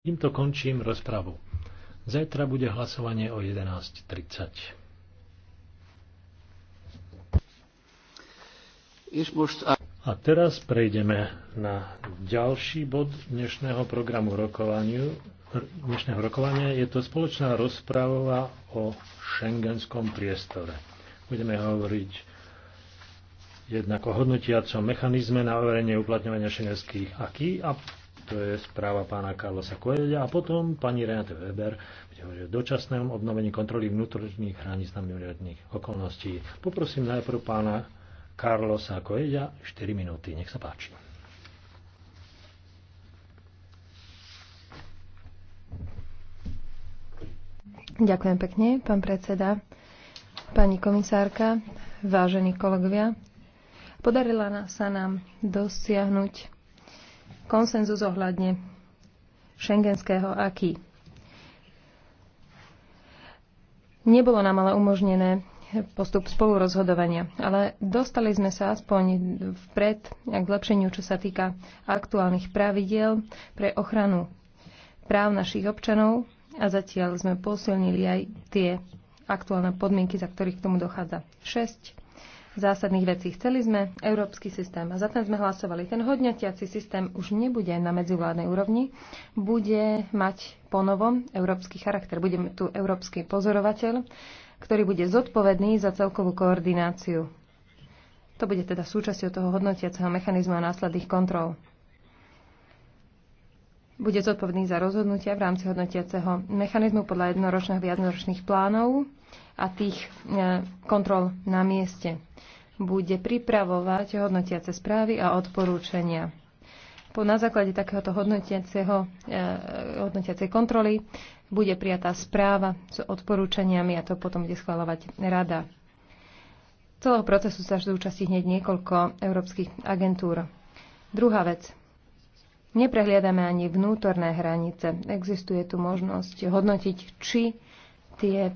Týmto končím rozpravu. Zajtra bude hlasovanie o 11.30. A teraz prejdeme na ďalší bod dnešného programu rokovaniu. Dnešného rokovania je to spoločná rozprava o šengenskom priestore. Budeme hovoriť jednak o hodnotiacom mechanizme na overenie uplatňovania šengenských aký a to je správa pána Carlosa Coelha a potom pani Renate Weber, kde hovorí o dočasnom obnovení kontroly vnútorných hraníc na mimoriadných okolností. Poprosím najprv pána Carlosa Coelha 4 minúty. Nech sa páči. Ďakujem pekne, pán predseda, pani komisárka, vážení kolegovia. Podarila sa nám dosiahnuť konsenzus ohľadne šengenského aký. Nebolo nám ale umožnené postup spolurozhodovania, ale dostali sme sa aspoň vpred k zlepšeniu, čo sa týka aktuálnych pravidiel pre ochranu práv našich občanov a zatiaľ sme posilnili aj tie aktuálne podmienky, za ktorých k tomu dochádza. 6 zásadných vecí. Chceli sme európsky systém a za ten sme hlasovali. Ten hodnotiaci systém už nebude na medzivládnej úrovni, bude mať ponovom európsky charakter. Bude tu európsky pozorovateľ, ktorý bude zodpovedný za celkovú koordináciu. To bude teda súčasťou toho hodnotiaceho mechanizmu a následných kontrol bude zodpovedný za rozhodnutia v rámci hodnotiaceho mechanizmu podľa jednoročných viacročných plánov a tých e, kontrol na mieste. Bude pripravovať hodnotiace správy a odporúčania. Po, na základe takéhoto hodnotiaceho, e, hodnotiacej kontroly bude prijatá správa s odporúčaniami a to potom bude schváľovať rada. Celého procesu sa zúčastí hneď niekoľko európskych agentúr. Druhá vec. Neprehliadame ani vnútorné hranice. Existuje tu možnosť hodnotiť, či tie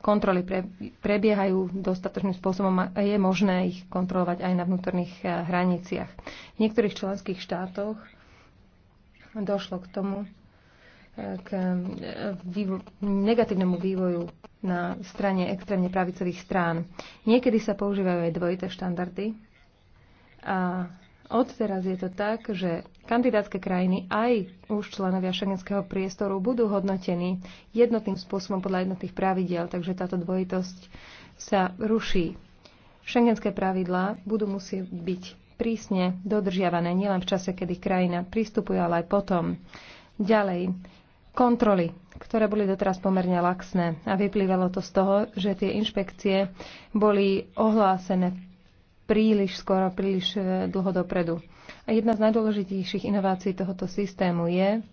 kontroly pre, prebiehajú dostatočným spôsobom a je možné ich kontrolovať aj na vnútorných eh, hraniciach. V niektorých členských štátoch došlo k tomu, eh, k eh, vývo- negatívnemu vývoju na strane extrémne pravicových strán. Niekedy sa používajú aj dvojité štandardy a Odteraz je to tak, že kandidátske krajiny aj už členovia šengenského priestoru budú hodnotení jednotným spôsobom podľa jednotných pravidiel, takže táto dvojitosť sa ruší. Šengenské pravidlá budú musieť byť prísne dodržiavané nielen v čase, kedy krajina pristupuje, ale aj potom. Ďalej, kontroly, ktoré boli doteraz pomerne laxné a vyplývalo to z toho, že tie inšpekcie boli ohlásené príliš skoro, príliš e, dlho dopredu. A jedna z najdôležitejších inovácií tohoto systému je,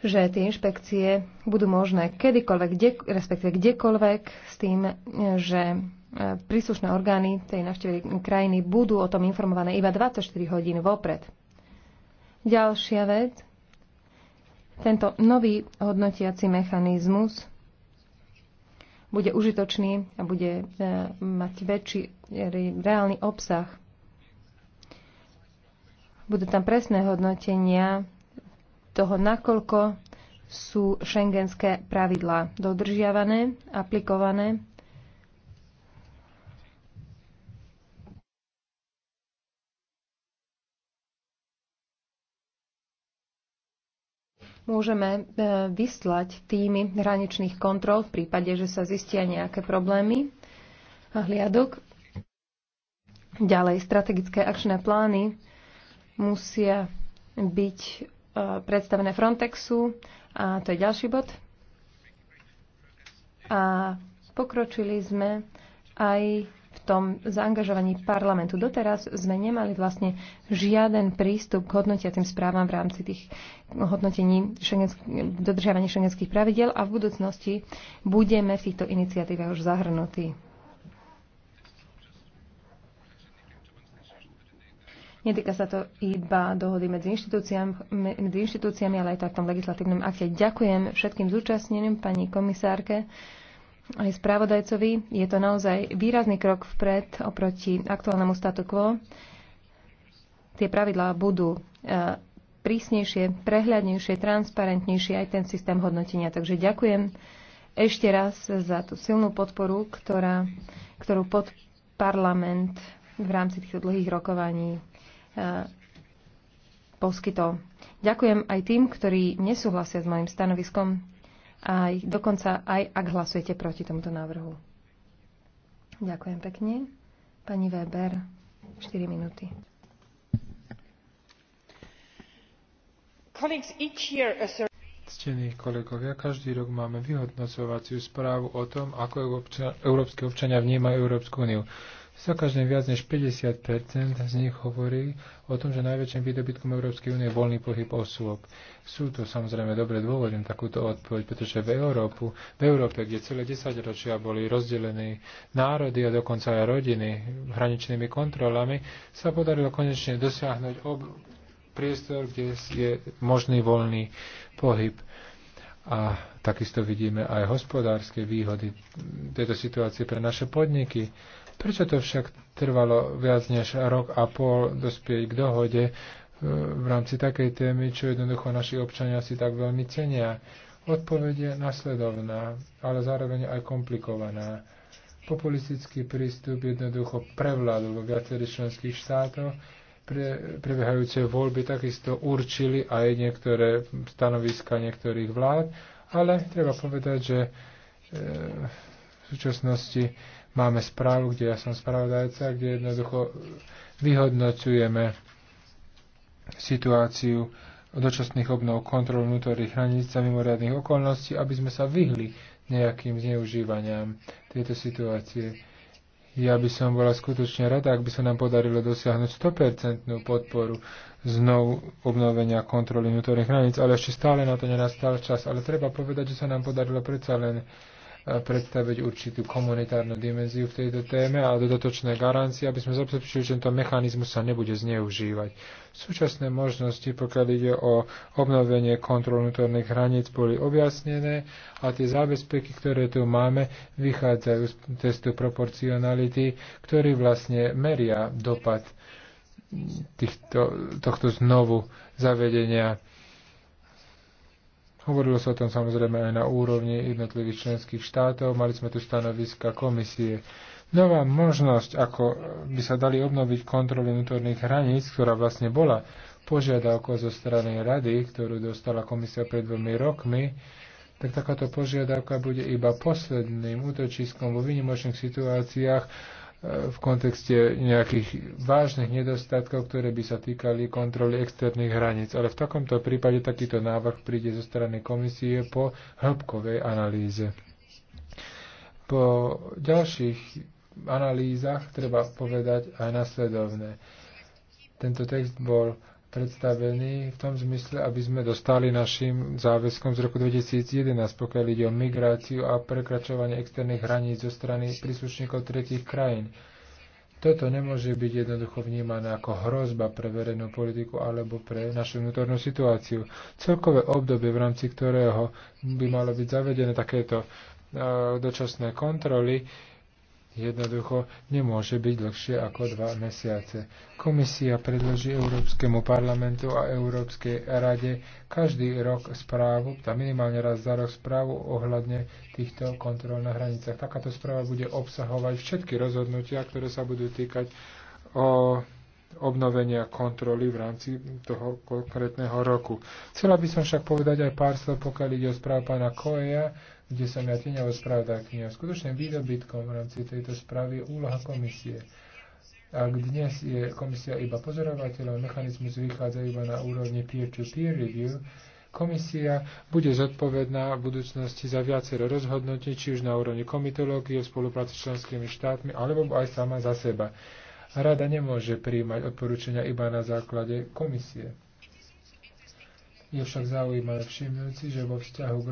že tie inšpekcie budú možné kedykoľvek, kde, respektíve kdekoľvek, s tým, e, že e, príslušné orgány tej navštevy krajiny budú o tom informované iba 24 hodín vopred. Ďalšia vec, tento nový hodnotiaci mechanizmus bude užitočný a bude mať väčší reálny obsah. Budú tam presné hodnotenia toho, nakoľko sú šengenské pravidlá dodržiavané, aplikované. Môžeme e, vyslať týmy hraničných kontrol v prípade, že sa zistia nejaké problémy a hliadok. Ďalej, strategické akčné plány musia byť e, predstavené Frontexu a to je ďalší bod. A pokročili sme aj v tom zaangažovaní parlamentu. Doteraz sme nemali vlastne žiaden prístup k hodnotiacim správam v rámci tých hodnotení dodržiavania šengenských pravidel a v budúcnosti budeme v týchto iniciatívach už zahrnutí. Netýka sa to iba dohody medzi inštitúciami, medzi inštitúciami ale aj tak v tom legislatívnom akte. Ďakujem všetkým zúčastneným, pani komisárke aj správodajcovi. Je to naozaj výrazný krok vpred oproti aktuálnemu statu quo. Tie pravidlá budú e, prísnejšie, prehľadnejšie, transparentnejšie aj ten systém hodnotenia. Takže ďakujem ešte raz za tú silnú podporu, ktorá, ktorú pod parlament v rámci týchto dlhých rokovaní Eh, poskytol. Ďakujem aj tým, ktorí nesúhlasia s mojim stanoviskom, aj, dokonca aj ak hlasujete proti tomuto návrhu. Ďakujem pekne. Pani Weber, 4 minúty. Ctení kolegovia, každý rok máme vyhodnocovaciu správu o tom, ako európske občania vnímajú Európsku úniu. Za viac než 50 z nich hovorí o tom, že najväčším výdobytkom Európskej únie je voľný pohyb osôb. Sú to samozrejme dobre dôvody takúto odpoveď, pretože v, Európu, v Európe, kde celé desaťročia boli rozdelení národy a dokonca aj rodiny hraničnými kontrolami, sa podarilo konečne dosiahnuť ob- priestor, kde je možný voľný pohyb. A takisto vidíme aj hospodárske výhody tejto situácie pre naše podniky Prečo to však trvalo viac než rok a pol dospieť k dohode e, v rámci takej témy, čo jednoducho naši občania si tak veľmi cenia? Odpoveď je nasledovná, ale zároveň aj komplikovaná. Populistický prístup jednoducho prevládol vo viacerých členských štátoch, pre, prebiehajúce voľby takisto určili aj niektoré stanoviska niektorých vlád, ale treba povedať, že e, v súčasnosti máme správu, kde ja som spravodajca, kde jednoducho vyhodnocujeme situáciu dočasných obnov kontrol vnútorných hraníc za mimoriadných okolností, aby sme sa vyhli nejakým zneužívaniam tejto situácie. Ja by som bola skutočne rada, ak by sa nám podarilo dosiahnuť 100% podporu znovu obnovenia kontroly vnútorných hraníc, ale ešte stále na to nenastal čas. Ale treba povedať, že sa nám podarilo predsa len predstaviť určitú komunitárnu dimenziu v tejto téme a dodatočné garancie, aby sme zabezpečili, že tento mechanizmus sa nebude zneužívať. Súčasné možnosti, pokiaľ ide o obnovenie kontrol vnútorných hraníc, boli objasnené a tie zábezpeky, ktoré tu máme, vychádzajú z testu proporcionality, ktorý vlastne meria dopad týchto, tohto znovu zavedenia Hovorilo sa o tom samozrejme aj na úrovni jednotlivých členských štátov, mali sme tu stanoviska komisie. Nová možnosť, ako by sa dali obnoviť kontroly vnútorných hraníc, ktorá vlastne bola požiadavkou zo strany rady, ktorú dostala komisia pred dvomi rokmi, tak takáto požiadavka bude iba posledným útočiskom vo výnimočných situáciách, v kontexte nejakých vážnych nedostatkov, ktoré by sa týkali kontroly externých hraníc. Ale v takomto prípade takýto návrh príde zo strany komisie po hĺbkovej analýze. Po ďalších analýzach treba povedať aj nasledovné. Tento text bol predstavení v tom zmysle, aby sme dostali našim záväzkom z roku 2011, pokiaľ ide o migráciu a prekračovanie externých hraníc zo strany príslušníkov tretich krajín. Toto nemôže byť jednoducho vnímané ako hrozba pre verejnú politiku alebo pre našu vnútornú situáciu. Celkové obdobie, v rámci ktorého by malo byť zavedené takéto e, dočasné kontroly, jednoducho nemôže byť dlhšie ako dva mesiace. Komisia predloží Európskemu parlamentu a Európskej rade každý rok správu, tá minimálne raz za rok správu ohľadne týchto kontrol na hranicách. Takáto správa bude obsahovať všetky rozhodnutia, ktoré sa budú týkať o obnovenia kontroly v rámci toho konkrétneho roku. Chcela by som však povedať aj pár slov, pokiaľ ide o správu pána Koeja, kde som ja tieňovou kniha. Skutočným výdobytkom v rámci tejto správy je úloha komisie. Ak dnes je komisia iba pozorovateľom, mechanizmus vychádza iba na úrovni peer-to-peer -peer review, komisia bude zodpovedná v budúcnosti za viacero rozhodnutí, či už na úrovni komitológie, v spolupráci s členskými štátmi, alebo aj sama za seba. Rada nemôže príjmať odporúčania iba na základe komisie. Je však zaujímavé všimnúť si, že vo vzťahu k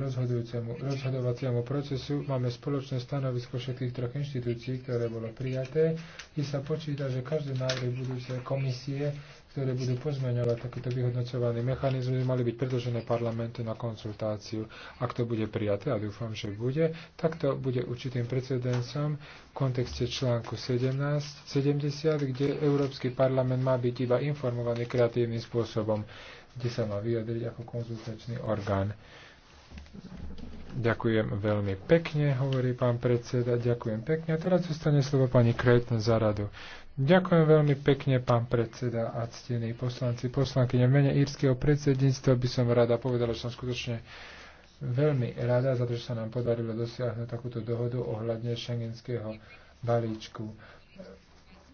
rozhodovaciemu procesu máme spoločné stanovisko všetkých troch inštitúcií, ktoré bolo prijaté, kde sa počíta, že každé návrhy budúce komisie, ktoré budú pozmeňovať takýto vyhodnocovaný mechanizmus, mali byť predložené parlamentu na konzultáciu. Ak to bude prijaté, a dúfam, že bude, tak to bude určitým precedensom v kontexte článku 17, 70, kde Európsky parlament má byť iba informovaný kreatívnym spôsobom kde sa má vyjadriť ako konzultačný orgán. Ďakujem veľmi pekne, hovorí pán predseda. Ďakujem pekne. A teraz zostane slovo pani Kretn za radu. Ďakujem veľmi pekne, pán predseda a ctení poslanci, poslankyne. V mene írskeho predsedníctva by som rada povedala, že som skutočne veľmi rada za to, že sa nám podarilo dosiahnuť takúto dohodu ohľadne šengenského balíčku.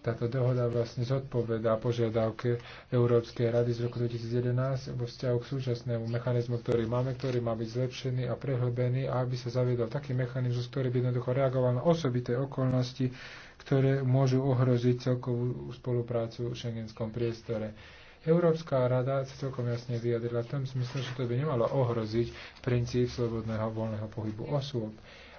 Táto dohoda vlastne zodpovedá požiadavke Európskej rady z roku 2011 vo vzťahu k súčasnému mechanizmu, ktorý máme, ktorý má byť zlepšený a prehlbený a aby sa zaviedol taký mechanizmus, ktorý by jednoducho reagoval na osobité okolnosti, ktoré môžu ohroziť celkovú spoluprácu v šengenskom priestore. Európska rada sa celkom jasne vyjadrila v tom smysle, že to by nemalo ohroziť princíp slobodného voľného pohybu osôb.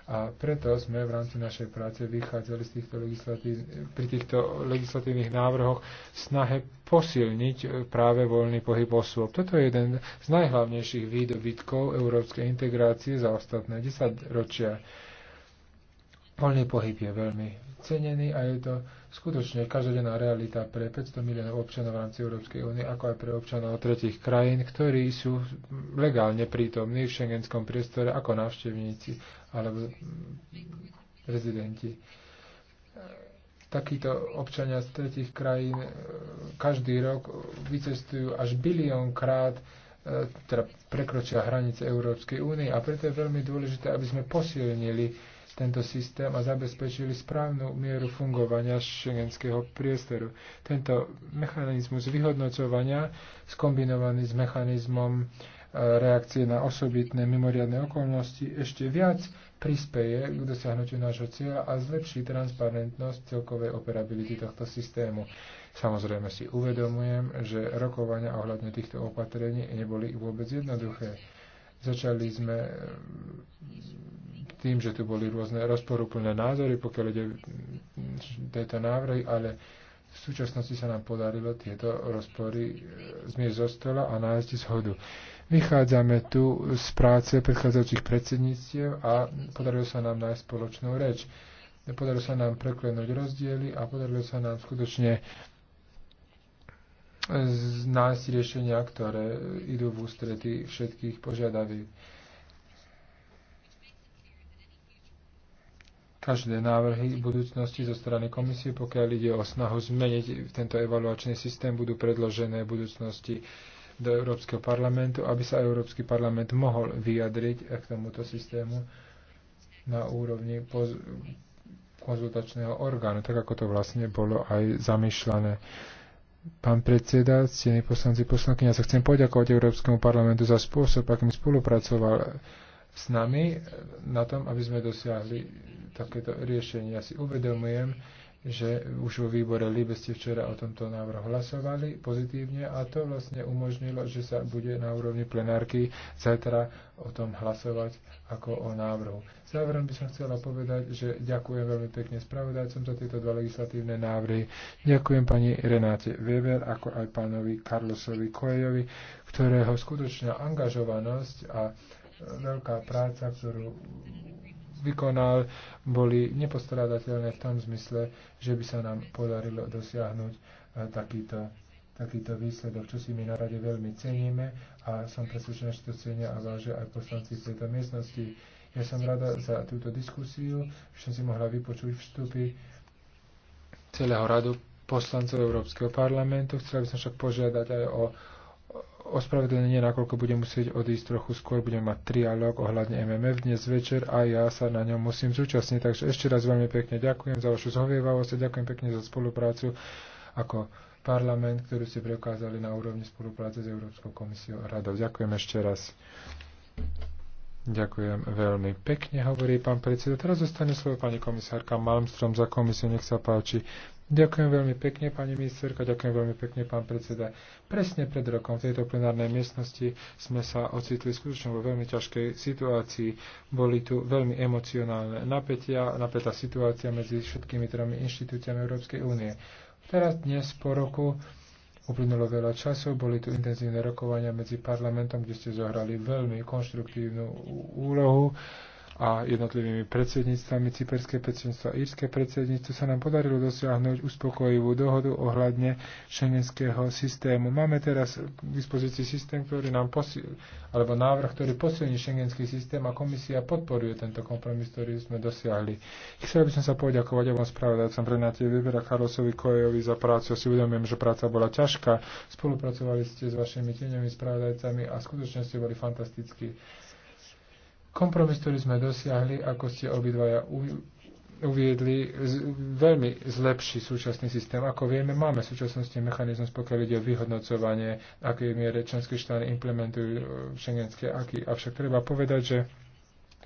A preto sme v rámci našej práce vychádzali z týchto legislatív, pri týchto legislatívnych návrhoch snahe posilniť e, práve voľný pohyb osôb. Toto je jeden z najhlavnejších výdobytkov európskej integrácie za ostatné ročia. Voľný pohyb je veľmi cenený a je to skutočne každodenná realita pre 500 miliónov občanov v rámci Európskej únie, ako aj pre občanov tretich krajín, ktorí sú legálne prítomní v šengenskom priestore ako návštevníci alebo rezidenti. Takíto občania z tretich krajín e, každý rok vycestujú až bilión krát e, teda prekročia hranice Európskej únie a preto je veľmi dôležité, aby sme posilnili tento systém a zabezpečili správnu mieru fungovania šengenského priestoru. Tento mechanizmus vyhodnocovania skombinovaný s mechanizmom e, reakcie na osobitné mimoriadne okolnosti ešte viac prispeje k dosiahnutiu nášho cieľa a zlepší transparentnosť celkovej operability tohto systému. Samozrejme si uvedomujem, že rokovania ohľadne týchto opatrení neboli vôbec jednoduché. Začali sme tým, že tu boli rôzne rozporúplné názory, pokiaľ ide tieto návrhy, ale v súčasnosti sa nám podarilo tieto rozpory e, zmieť zo stola a nájsť zhodu. Vychádzame tu z práce predchádzajúcich predsedníctiev a podarilo sa nám nájsť spoločnú reč. Podarilo sa nám preklenúť rozdiely a podarilo sa nám skutočne e, nájsť riešenia, ktoré idú v ústretí všetkých požiadaví každé návrhy v budúcnosti zo strany komisie, pokiaľ ide o snahu zmeniť tento evaluačný systém, budú predložené v budúcnosti do Európskeho parlamentu, aby sa Európsky parlament mohol vyjadriť k tomuto systému na úrovni poz- konzultačného orgánu, tak ako to vlastne bolo aj zamýšľané. Pán predseda, ctení poslanci, poslanky, ja sa chcem poďakovať Európskemu parlamentu za spôsob, akým spolupracoval s nami na tom, aby sme dosiahli takéto riešenie. Ja si uvedomujem, že už vo výbore Líbe ste včera o tomto návrhu hlasovali pozitívne a to vlastne umožnilo, že sa bude na úrovni plenárky zajtra o tom hlasovať ako o návrhu. Záverom by som chcela povedať, že ďakujem veľmi pekne spravodajcom za tieto dva legislatívne návrhy. Ďakujem pani Renáte Weber, ako aj pánovi Carlosovi Kojejovi, ktorého skutočná angažovanosť a veľká práca, ktorú vykonal, boli nepostradateľné v tom zmysle, že by sa nám podarilo dosiahnuť e, takýto, takýto výsledok, čo si my na rade veľmi ceníme a som presvedčený, že to cenia a vážia aj poslanci v tejto miestnosti. Ja som rada za túto diskusiu, že som si mohla vypočuť vstupy celého radu poslancov Európskeho parlamentu. Chcela by som však požiadať aj o ospravedlnenie, nakoľko budem musieť odísť trochu skôr, budem mať trialog ohľadne MMF dnes večer a ja sa na ňom musím zúčastniť. Takže ešte raz veľmi pekne ďakujem za vašu zhovievavosť a ďakujem pekne za spoluprácu ako parlament, ktorú ste preukázali na úrovni spolupráce s Európskou komisiou a radou. Ďakujem ešte raz. Ďakujem veľmi pekne, hovorí pán predseda. Teraz zostane slovo pani komisárka Malmstrom za komisiu. Nech sa páči. Ďakujem veľmi pekne, pani ministerka, ďakujem veľmi pekne, pán predseda. Presne pred rokom v tejto plenárnej miestnosti sme sa ocitli skutočne vo veľmi ťažkej situácii. Boli tu veľmi emocionálne napätia, napätá situácia medzi všetkými tromi inštitúciami Európskej únie. Teraz dnes po roku Uplynulo veľa času, boli tu intenzívne rokovania medzi parlamentom, kde ste zohrali veľmi konštruktívnu úlohu a jednotlivými predsedníctvami, cyperské predsedníctvo a írske predsedníctvo, sa nám podarilo dosiahnuť uspokojivú dohodu ohľadne šengenského systému. Máme teraz k dispozícii systém, ktorý nám posil, alebo návrh, ktorý posilní šengenský systém a komisia podporuje tento kompromis, ktorý sme dosiahli. Chcel by som sa poďakovať obom spravodajcom Renáte vybera Karlosovi Kojovi za prácu. Si uvedomujem, že práca bola ťažká. Spolupracovali ste s vašimi tieňovými spravodajcami a skutočne ste boli fantastickí. Kompromis, ktorý sme dosiahli, ako ste obidvaja uviedli, veľmi zlepší súčasný systém. Ako vieme, máme v súčasnosti mechanizmus, pokiaľ ide o vyhodnocovanie, aké miere členské štáty implementujú e, šengenské aky. Avšak treba povedať, že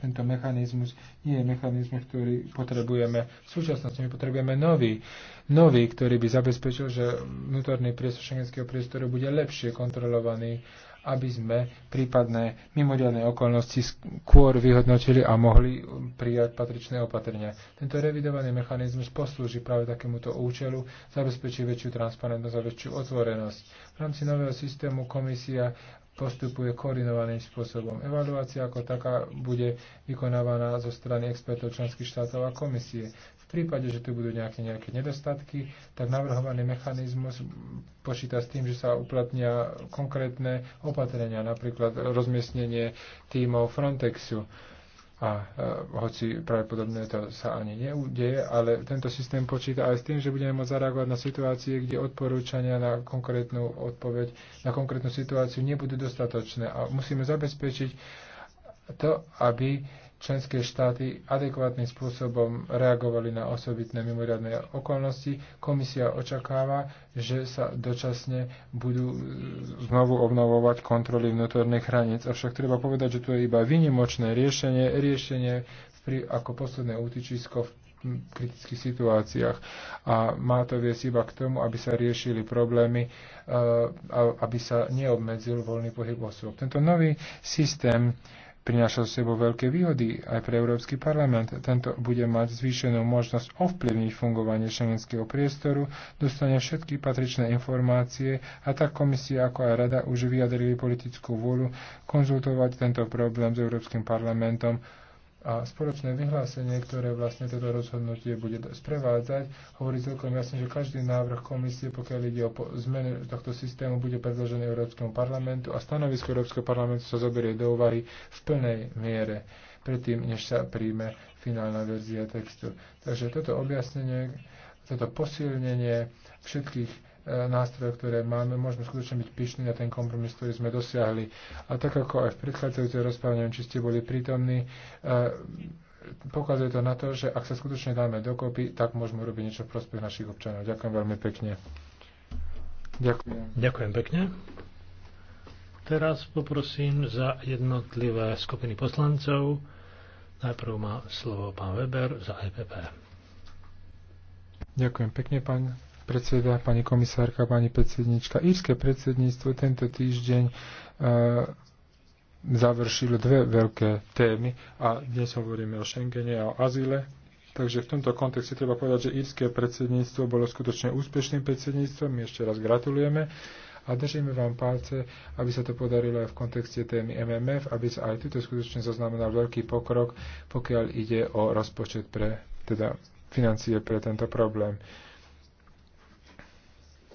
tento mechanizmus nie je mechanizmus, ktorý potrebujeme v súčasnosti. My potrebujeme nový, nový, ktorý by zabezpečil, že vnútorný priestor šengenského priestoru bude lepšie kontrolovaný aby sme prípadné mimoriadne okolnosti skôr vyhodnotili a mohli prijať patričné opatrenia. Tento revidovaný mechanizmus poslúži práve takémuto účelu, zabezpečí väčšiu transparentnosť a väčšiu otvorenosť. V rámci nového systému komisia postupuje koordinovaným spôsobom. Evaluácia ako taká bude vykonávaná zo strany expertov členských štátov a komisie prípade, že tu budú nejaké, nejaké nedostatky, tak navrhovaný mechanizmus počíta s tým, že sa uplatnia konkrétne opatrenia, napríklad rozmiestnenie tímov Frontexu. A e, hoci pravdepodobne to sa ani neudeje, ale tento systém počíta aj s tým, že budeme môcť zareagovať na situácie, kde odporúčania na konkrétnu odpoveď, na konkrétnu situáciu nebudú dostatočné. A musíme zabezpečiť to, aby členské štáty adekvátnym spôsobom reagovali na osobitné mimoriadne okolnosti. Komisia očakáva, že sa dočasne budú e, znovu obnovovať kontroly vnútorných hraníc. Avšak treba povedať, že to je iba vynimočné riešenie, riešenie pri, ako posledné útičisko v kritických situáciách a má to viesť iba k tomu, aby sa riešili problémy, e, aby sa neobmedzil voľný pohyb osôb. Tento nový systém Prináša sebou veľké výhody aj pre Európsky parlament. Tento bude mať zvýšenú možnosť ovplyvniť fungovanie šengenského priestoru, dostane všetky patričné informácie a tak komisia ako aj rada už vyjadrili politickú vôľu konzultovať tento problém s Európskym parlamentom a spoločné vyhlásenie, ktoré vlastne toto rozhodnutie bude sprevádzať, hovorí celkom jasne, že každý návrh komisie, pokiaľ ide o zmenu tohto systému, bude predložený Európskemu parlamentu a stanovisko Európskeho parlamentu sa zoberie do úvahy v plnej miere predtým, než sa príjme finálna verzia textu. Takže toto objasnenie, toto posilnenie všetkých nástrojov, ktoré máme, môžeme skutočne byť pyšní na ten kompromis, ktorý sme dosiahli. A tak ako aj v predchádzajúcej rozpráve, neviem, či ste boli prítomní, e, pokazuje to na to, že ak sa skutočne dáme dokopy, tak môžeme robiť niečo v prospech našich občanov. Ďakujem veľmi pekne. Ďakujem. Ďakujem pekne. Teraz poprosím za jednotlivé skupiny poslancov. Najprv má slovo pán Weber za EPP. Ďakujem pekne, pán predseda, pani komisárka, pani predsednička. Írske predsedníctvo tento týždeň eh, završilo dve veľké témy a dnes hovoríme o Schengene a o azile. Takže v tomto kontexte treba povedať, že írske predsedníctvo bolo skutočne úspešným predsedníctvom. My ešte raz gratulujeme a držíme vám palce, aby sa to podarilo aj v kontexte témy MMF, aby sa aj tuto skutočne zaznamenal veľký pokrok, pokiaľ ide o rozpočet pre teda financie pre tento problém.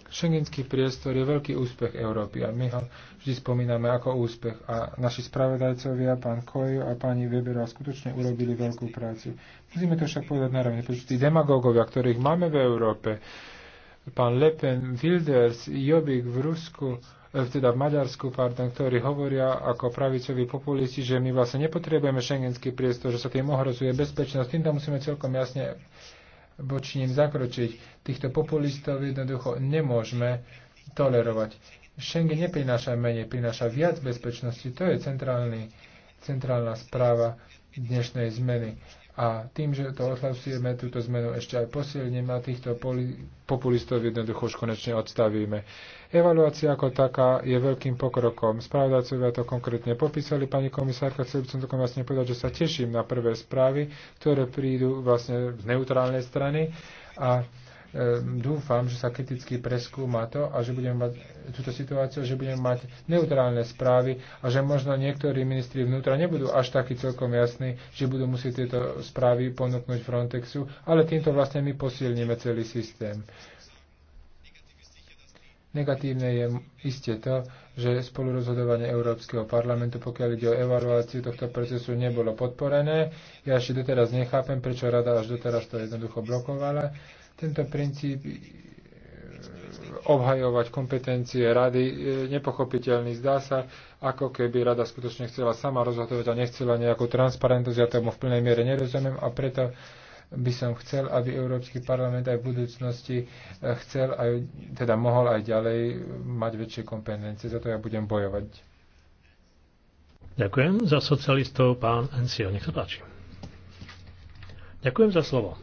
Schengenský priestor je veľký úspech Európy a my ho vždy spomíname ako úspech. A naši spravodajcovia, pán Kojo a pani Webera, skutočne urobili veľkú prácu. Musíme to však povedať narovne, pretože tí demagógovia, ktorých máme v Európe, pán Lepen, Wilders, Jobbik v Rusku, eh, teda v Maďarsku, pardon, ktorí hovoria ako pravicoví populisti, že my vlastne nepotrebujeme šengenský priestor, že sa tým ohrozuje bezpečnosť. Týmto musíme celkom jasne voči ním zakročiť. Týchto populistov jednoducho nemôžeme tolerovať. Schengen neprináša menej, prináša viac bezpečnosti. To je centrálny, centrálna správa dnešnej zmeny. A tým, že to odhlasujeme, túto zmenu ešte aj posilníme a týchto populistov jednoducho už konečne odstavíme. Evaluácia ako taká je veľkým pokrokom. Spravodajcovia to konkrétne popísali. Pani komisárka, chcel by som to vlastne povedať, že sa teším na prvé správy, ktoré prídu vlastne z neutrálnej strany a Ehm, dúfam, že sa kriticky preskúma to a že budeme mať túto situáciu, že budeme mať neutrálne správy a že možno niektorí ministri vnútra nebudú až takí celkom jasní, že budú musieť tieto správy ponúknuť Frontexu, ale týmto vlastne my posilníme celý systém. Negatívne je isté to, že spolurozhodovanie Európskeho parlamentu, pokiaľ ide o evaluáciu tohto procesu, nebolo podporené. Ja ešte doteraz nechápem, prečo rada až doteraz to jednoducho blokovala tento princíp e, obhajovať kompetencie rady e, nepochopiteľný. Zdá sa, ako keby rada skutočne chcela sama rozhodovať a nechcela nejakú transparentnosť. Ja tomu v plnej miere nerozumiem a preto by som chcel, aby Európsky parlament aj v budúcnosti e, chcel aj, teda mohol aj ďalej mať väčšie kompetencie. Za to ja budem bojovať. Ďakujem za socialistov, pán Encio. Nech sa páči. Ďakujem za slovo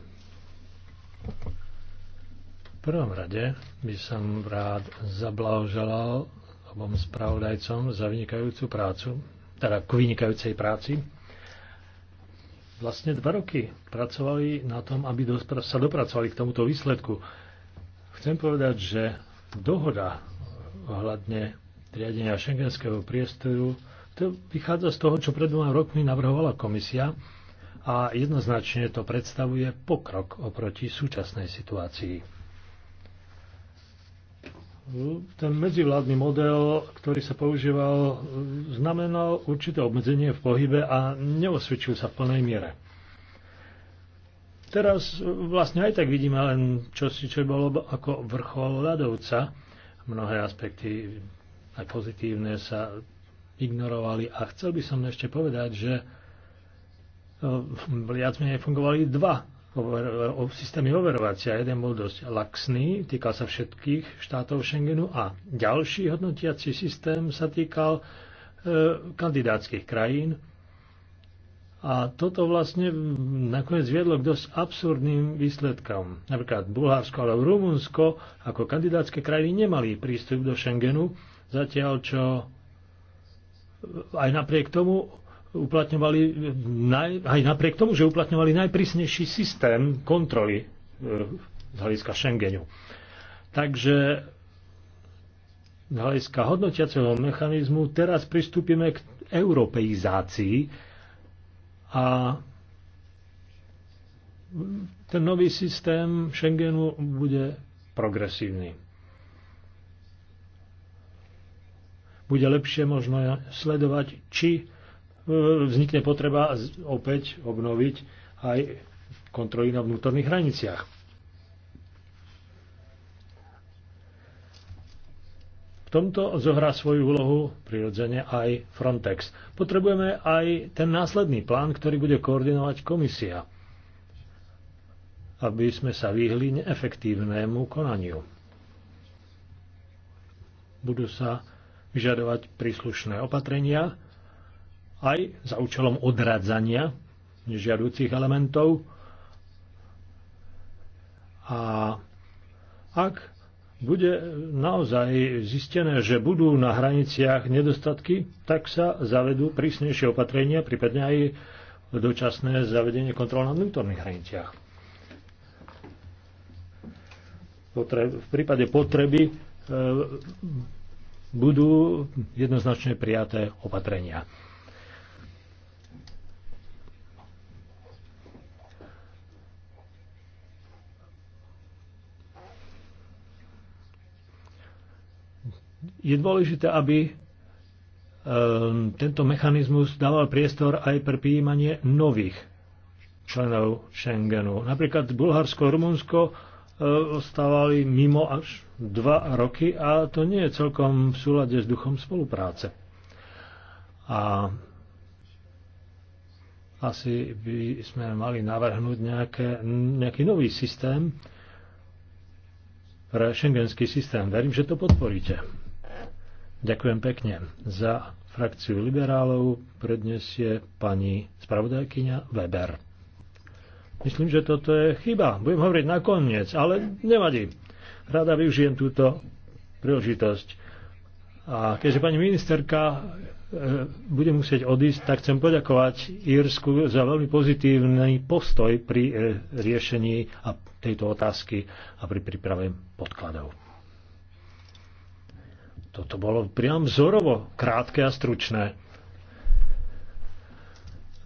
prvom rade by som rád zablahoželal obom spravodajcom za vynikajúcu prácu, teda k vynikajúcej práci. Vlastne dva roky pracovali na tom, aby sa dopracovali k tomuto výsledku. Chcem povedať, že dohoda ohľadne riadenia šengenského priestoru to vychádza z toho, čo pred dvoma rokmi navrhovala komisia a jednoznačne to predstavuje pokrok oproti súčasnej situácii ten medzivládny model, ktorý sa používal, znamenal určité obmedzenie v pohybe a neosvedčil sa v plnej miere. Teraz vlastne aj tak vidíme len si čo bolo ako vrchol ľadovca. Mnohé aspekty, aj pozitívne, sa ignorovali. A chcel by som ešte povedať, že eh, viac menej fungovali dva o systémy overovacia. Jeden bol dosť laxný, týkal sa všetkých štátov Schengenu a ďalší hodnotiaci systém sa týkal e, kandidátskych krajín. A toto vlastne nakoniec viedlo k dosť absurdným výsledkom. Napríklad Bulharsko alebo Rumunsko ako kandidátske krajiny nemali prístup do Schengenu, zatiaľ čo e, aj napriek tomu uplatňovali naj, aj napriek tomu, že uplatňovali najprísnejší systém kontroly e, z hľadiska Schengenu. Takže z hľadiska hodnotiaceho mechanizmu teraz pristúpime k europeizácii a ten nový systém Schengenu bude progresívny. Bude lepšie možno sledovať, či vznikne potreba opäť obnoviť aj kontroly na vnútorných hraniciach. V tomto zohrá svoju úlohu prirodzene aj Frontex. Potrebujeme aj ten následný plán, ktorý bude koordinovať komisia, aby sme sa vyhli neefektívnemu konaniu. Budú sa vyžadovať príslušné opatrenia, aj za účelom odradzania nežiaducich elementov. A ak bude naozaj zistené, že budú na hraniciach nedostatky, tak sa zavedú prísnejšie opatrenia, prípadne aj dočasné zavedenie kontrol na vnútorných hraniciach. V prípade potreby e, budú jednoznačne prijaté opatrenia. Je dôležité, aby ehm, tento mechanizmus dával priestor aj pre prijímanie nových členov Schengenu. Napríklad Bulharsko, a Rumunsko e, ostávali mimo až dva roky a to nie je celkom v súlade s duchom spolupráce. A asi by sme mali navrhnúť nejaké, nejaký nový systém pre šengenský systém. Verím, že to podporíte. Ďakujem pekne. Za frakciu liberálov predniesie pani spravodajkyňa Weber. Myslím, že toto je chyba. Budem hovoriť nakoniec, ale nevadí. Rada využijem túto príležitosť. A keďže pani ministerka e, bude musieť odísť, tak chcem poďakovať Írsku za veľmi pozitívny postoj pri e, riešení tejto otázky a pri príprave podkladov. Toto bolo priam vzorovo, krátke a stručné.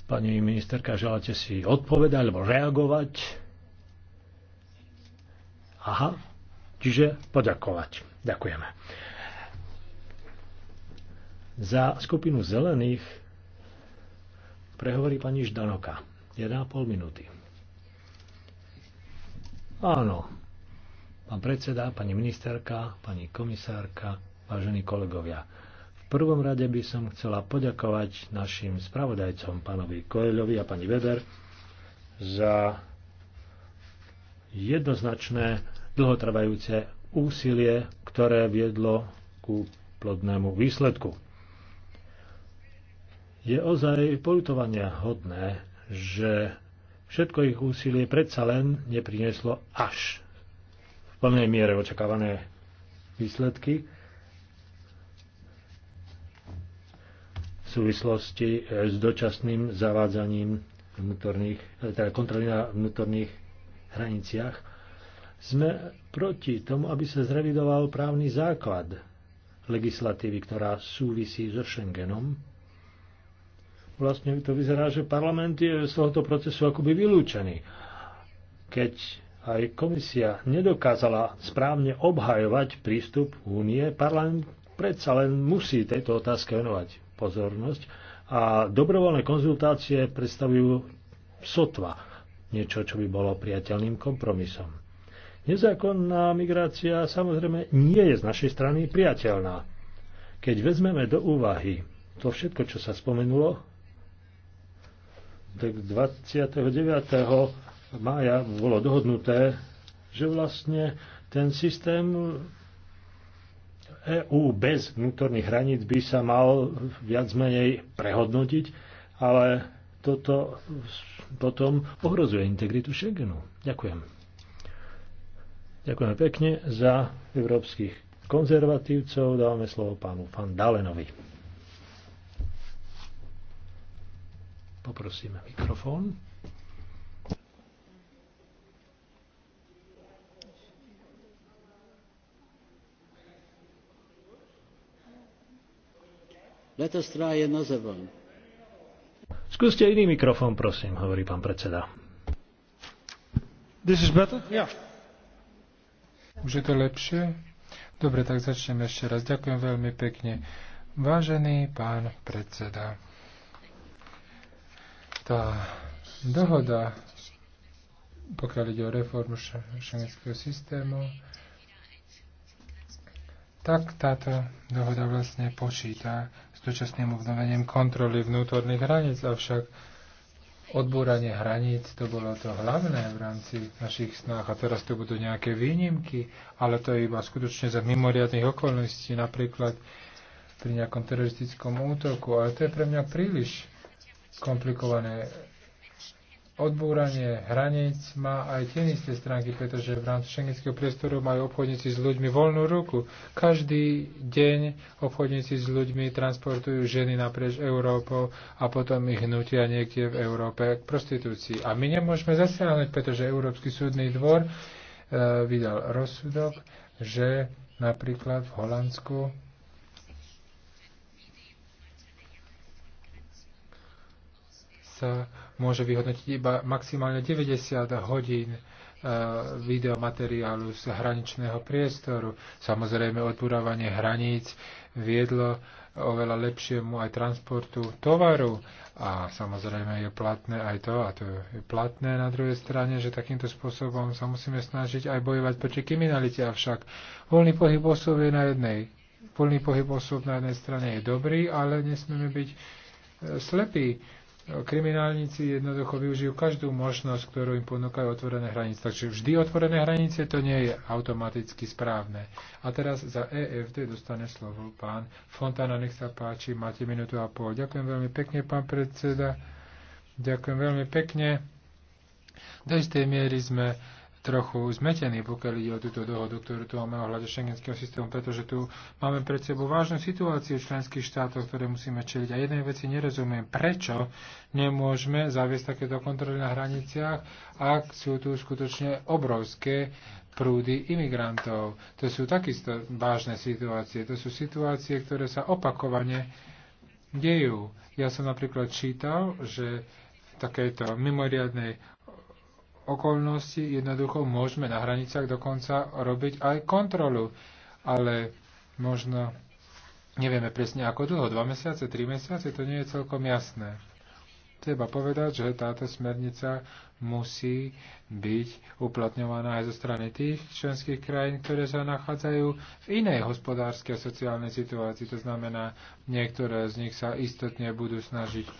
Pani ministerka, želáte si odpovedať alebo reagovať? Aha, čiže poďakovať. Ďakujeme. Za skupinu zelených prehovorí pani Ždanoka. 1,5 minúty. Áno. Pán predseda, pani ministerka, pani komisárka, vážení kolegovia. V prvom rade by som chcela poďakovať našim spravodajcom, pánovi Koeľovi a pani Weber, za jednoznačné dlhotrvajúce úsilie, ktoré viedlo ku plodnému výsledku. Je ozaj politovania hodné, že všetko ich úsilie predsa len neprineslo až v plnej miere očakávané výsledky v súvislosti e, s dočasným zavádzaním vnútorných, e, teda kontroly na vnútorných hraniciach. Sme proti tomu, aby sa zrevidoval právny základ legislatívy, ktorá súvisí so Schengenom. Vlastne to vyzerá, že parlament je z tohoto procesu akoby vylúčený. Keď aj komisia nedokázala správne obhajovať prístup únie, parlament predsa len musí tejto otázke venovať pozornosť a dobrovoľné konzultácie predstavujú sotva niečo, čo by bolo priateľným kompromisom. Nezákonná migrácia samozrejme nie je z našej strany priateľná. Keď vezmeme do úvahy to všetko, čo sa spomenulo, tak 29. mája bolo dohodnuté, že vlastne ten systém EÚ bez vnútorných hraníc by sa mal viac menej prehodnotiť, ale toto potom ohrozuje integritu Schengenu. Ďakujem. Ďakujeme pekne za európskych konzervatívcov. Dávame slovo pánu Van Dalenovi. Poprosíme mikrofón. Let us try another one. Skúste iný mikrofón, prosím, hovorí pán predseda. This is better? Yeah. Už je to lepšie? Dobre, tak začnem ešte raz. Ďakujem veľmi pekne. Vážený pán predseda, tá dohoda, pokiaľ ide o reformu šengenského systému, tak táto dohoda vlastne počíta s dočasným obnovením kontroly vnútorných hraníc, avšak odbúranie hraníc to bolo to hlavné v rámci našich snách a teraz to budú nejaké výnimky, ale to je iba skutočne za mimoriadných okolností, napríklad pri nejakom teroristickom útoku, ale to je pre mňa príliš komplikované odbúranie hraníc má aj tie isté stránky, pretože v rámci šengenského priestoru majú obchodníci s ľuďmi voľnú ruku. Každý deň obchodníci s ľuďmi transportujú ženy naprieč Európou a potom ich hnutia niekde v Európe k prostitúcii. A my nemôžeme zasiahnuť, pretože Európsky súdny dvor e, vydal rozsudok, že napríklad v Holandsku sa môže vyhodnotiť iba maximálne 90 hodín e, videomateriálu z hraničného priestoru. Samozrejme, odburávanie hraníc viedlo oveľa lepšiemu aj transportu tovaru a samozrejme je platné aj to, a to je platné na druhej strane, že takýmto spôsobom sa musíme snažiť aj bojovať proti kriminalite, avšak voľný pohyb osob je na jednej. Voľný pohyb osob na jednej strane je dobrý, ale nesmieme byť e, slepí kriminálnici jednoducho využijú každú možnosť, ktorú im ponúkajú otvorené hranice. Takže vždy otvorené hranice to nie je automaticky správne. A teraz za EFD dostane slovo pán Fontana, nech sa páči, máte minútu a pol. Ďakujem veľmi pekne, pán predseda. Ďakujem veľmi pekne. Do istej miery sme trochu zmetený, pokiaľ ide o túto dohodu, ktorú tu máme ohľade šengenského systému, pretože tu máme pred sebou vážnu situáciu členských štátov, ktoré musíme čeliť. A jednej veci nerozumiem, prečo nemôžeme zaviesť takéto kontroly na hraniciach, ak sú tu skutočne obrovské prúdy imigrantov. To sú takisto vážne situácie. To sú situácie, ktoré sa opakovane dejú. Ja som napríklad čítal, že v takéto mimoriadnej okolnosti jednoducho môžeme na hranicách dokonca robiť aj kontrolu, ale možno nevieme presne ako dlho, dva mesiace, tri mesiace, to nie je celkom jasné. Treba povedať, že táto smernica musí byť uplatňovaná aj zo strany tých členských krajín, ktoré sa nachádzajú v inej hospodárskej a sociálnej situácii. To znamená, niektoré z nich sa istotne budú snažiť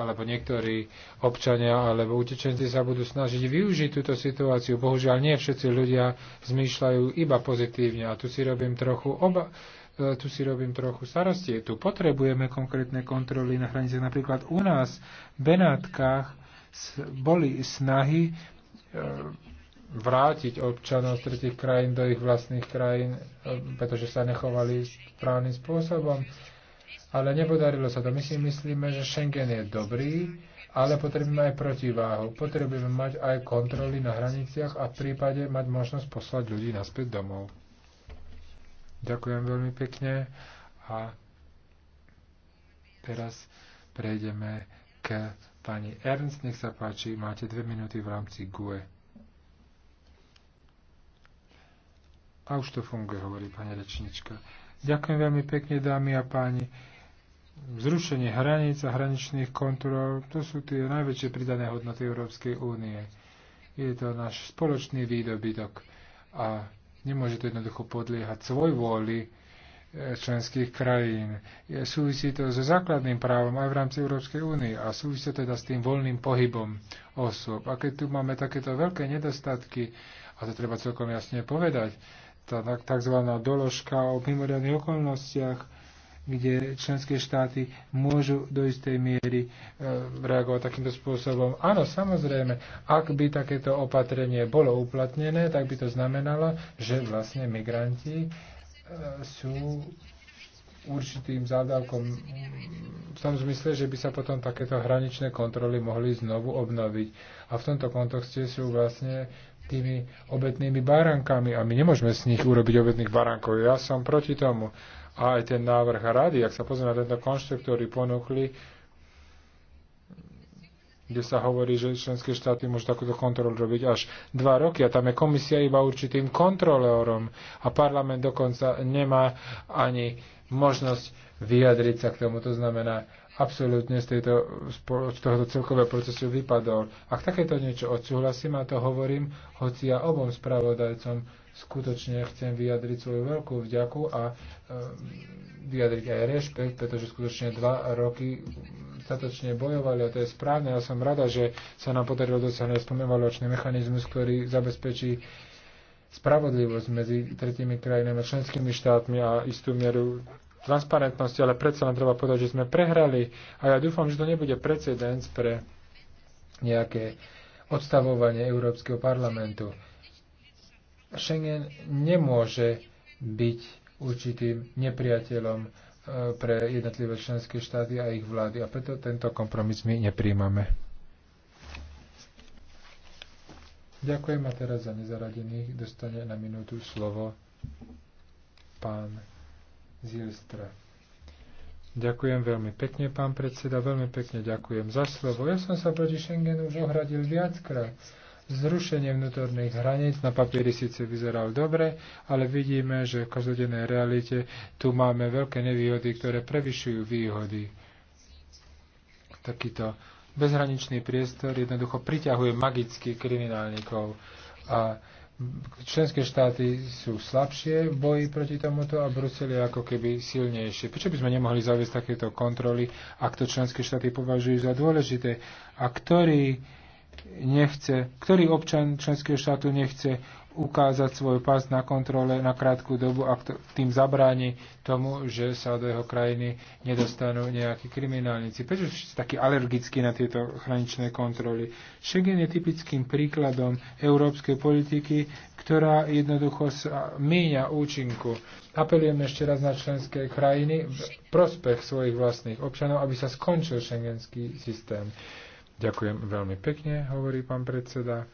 alebo niektorí občania alebo utečenci sa budú snažiť využiť túto situáciu. Bohužiaľ nie všetci ľudia zmýšľajú iba pozitívne a tu si robím trochu oba, e, tu si robím trochu starosti. Tu potrebujeme konkrétne kontroly na hraniciach. Napríklad u nás v Benátkach boli snahy e, vrátiť občanov z tretich krajín do ich vlastných krajín, e, pretože sa nechovali správnym spôsobom ale nepodarilo sa to. My si myslíme, že Schengen je dobrý, ale potrebujeme aj protiváhu. Potrebujeme mať aj kontroly na hraniciach a v prípade mať možnosť poslať ľudí naspäť domov. Ďakujem veľmi pekne a teraz prejdeme k pani Ernst. Nech sa páči, máte dve minúty v rámci GUE. A už to funguje, hovorí pani rečnička. Ďakujem veľmi pekne, dámy a páni. Zrušenie hraníc a hraničných kontrol, to sú tie najväčšie pridané hodnoty Európskej únie. Je to náš spoločný výdobytok a nemôže to jednoducho podliehať svoj vôli e, členských krajín. Je, súvisí to so základným právom aj v rámci Európskej únie a súvisí to teda s tým voľným pohybom osôb. A keď tu máme takéto veľké nedostatky, a to treba celkom jasne povedať, tá tzv. doložka o mimoriadnych okolnostiach, kde členské štáty môžu do istej miery e, reagovať takýmto spôsobom. Áno, samozrejme, ak by takéto opatrenie bolo uplatnené, tak by to znamenalo, že vlastne migranti e, sú určitým zádavkom v tom zmysle, že by sa potom takéto hraničné kontroly mohli znovu obnoviť. A v tomto kontexte sú vlastne tými obetnými baránkami a my nemôžeme z nich urobiť obetných baránkov. Ja som proti tomu. A aj ten návrh rady, ak sa pozrieme na tento konštruk, ktorý ponúkli, kde sa hovorí, že členské štáty môžu takúto kontrolu robiť až dva roky a tam je komisia iba určitým kontrolórom a parlament dokonca nemá ani možnosť vyjadriť sa k tomu. To znamená, absolútne z, tejto, z tohoto celkového procesu vypadol. Ak takéto niečo odsúhlasím, a to hovorím, hoci ja obom spravodajcom skutočne chcem vyjadriť svoju veľkú vďaku a e, vyjadriť aj rešpekt, pretože skutočne dva roky statočne bojovali a to je správne. Ja som rada, že sa nám podarilo dosiahnuť aspoň evaluačný mechanizmus, ktorý zabezpečí spravodlivosť medzi tretími krajinami a členskými štátmi a istú mieru transparentnosti, ale predsa len treba povedať, že sme prehrali a ja dúfam, že to nebude precedens pre nejaké odstavovanie Európskeho parlamentu. Schengen nemôže byť určitým nepriateľom pre jednotlivé členské štáty a ich vlády. A preto tento kompromis my nepríjmame. Ďakujem a teraz za nezaradených dostane na minútu slovo pán Zilstra. Ďakujem veľmi pekne, pán predseda, veľmi pekne ďakujem za slovo. Ja som sa proti Schengenu už ohradil viackrát. Zrušenie vnútorných hraníc na papieri síce vyzeral dobre, ale vidíme, že v každodennej realite tu máme veľké nevýhody, ktoré prevyšujú výhody. Takýto bezhraničný priestor jednoducho priťahuje magických kriminálnikov. A členské štáty sú slabšie v boji proti tomuto a Brusel je ako keby silnejšie. Prečo by sme nemohli zaviesť takéto kontroly, ak to členské štáty považujú za dôležité? A ktorí nechce, ktorý občan členského štátu nechce ukázať svoj pás na kontrole na krátku dobu a tým zabráni tomu, že sa do jeho krajiny nedostanú nejakí kriminálnici. Prečo ste takí alergickí na tieto hraničné kontroly? Schengen je typickým príkladom európskej politiky, ktorá jednoducho míňa účinku. Apelujem ešte raz na členské krajiny v prospech svojich vlastných občanov, aby sa skončil šengenský systém. Ďakujem veľmi pekne, hovorí pán predseda.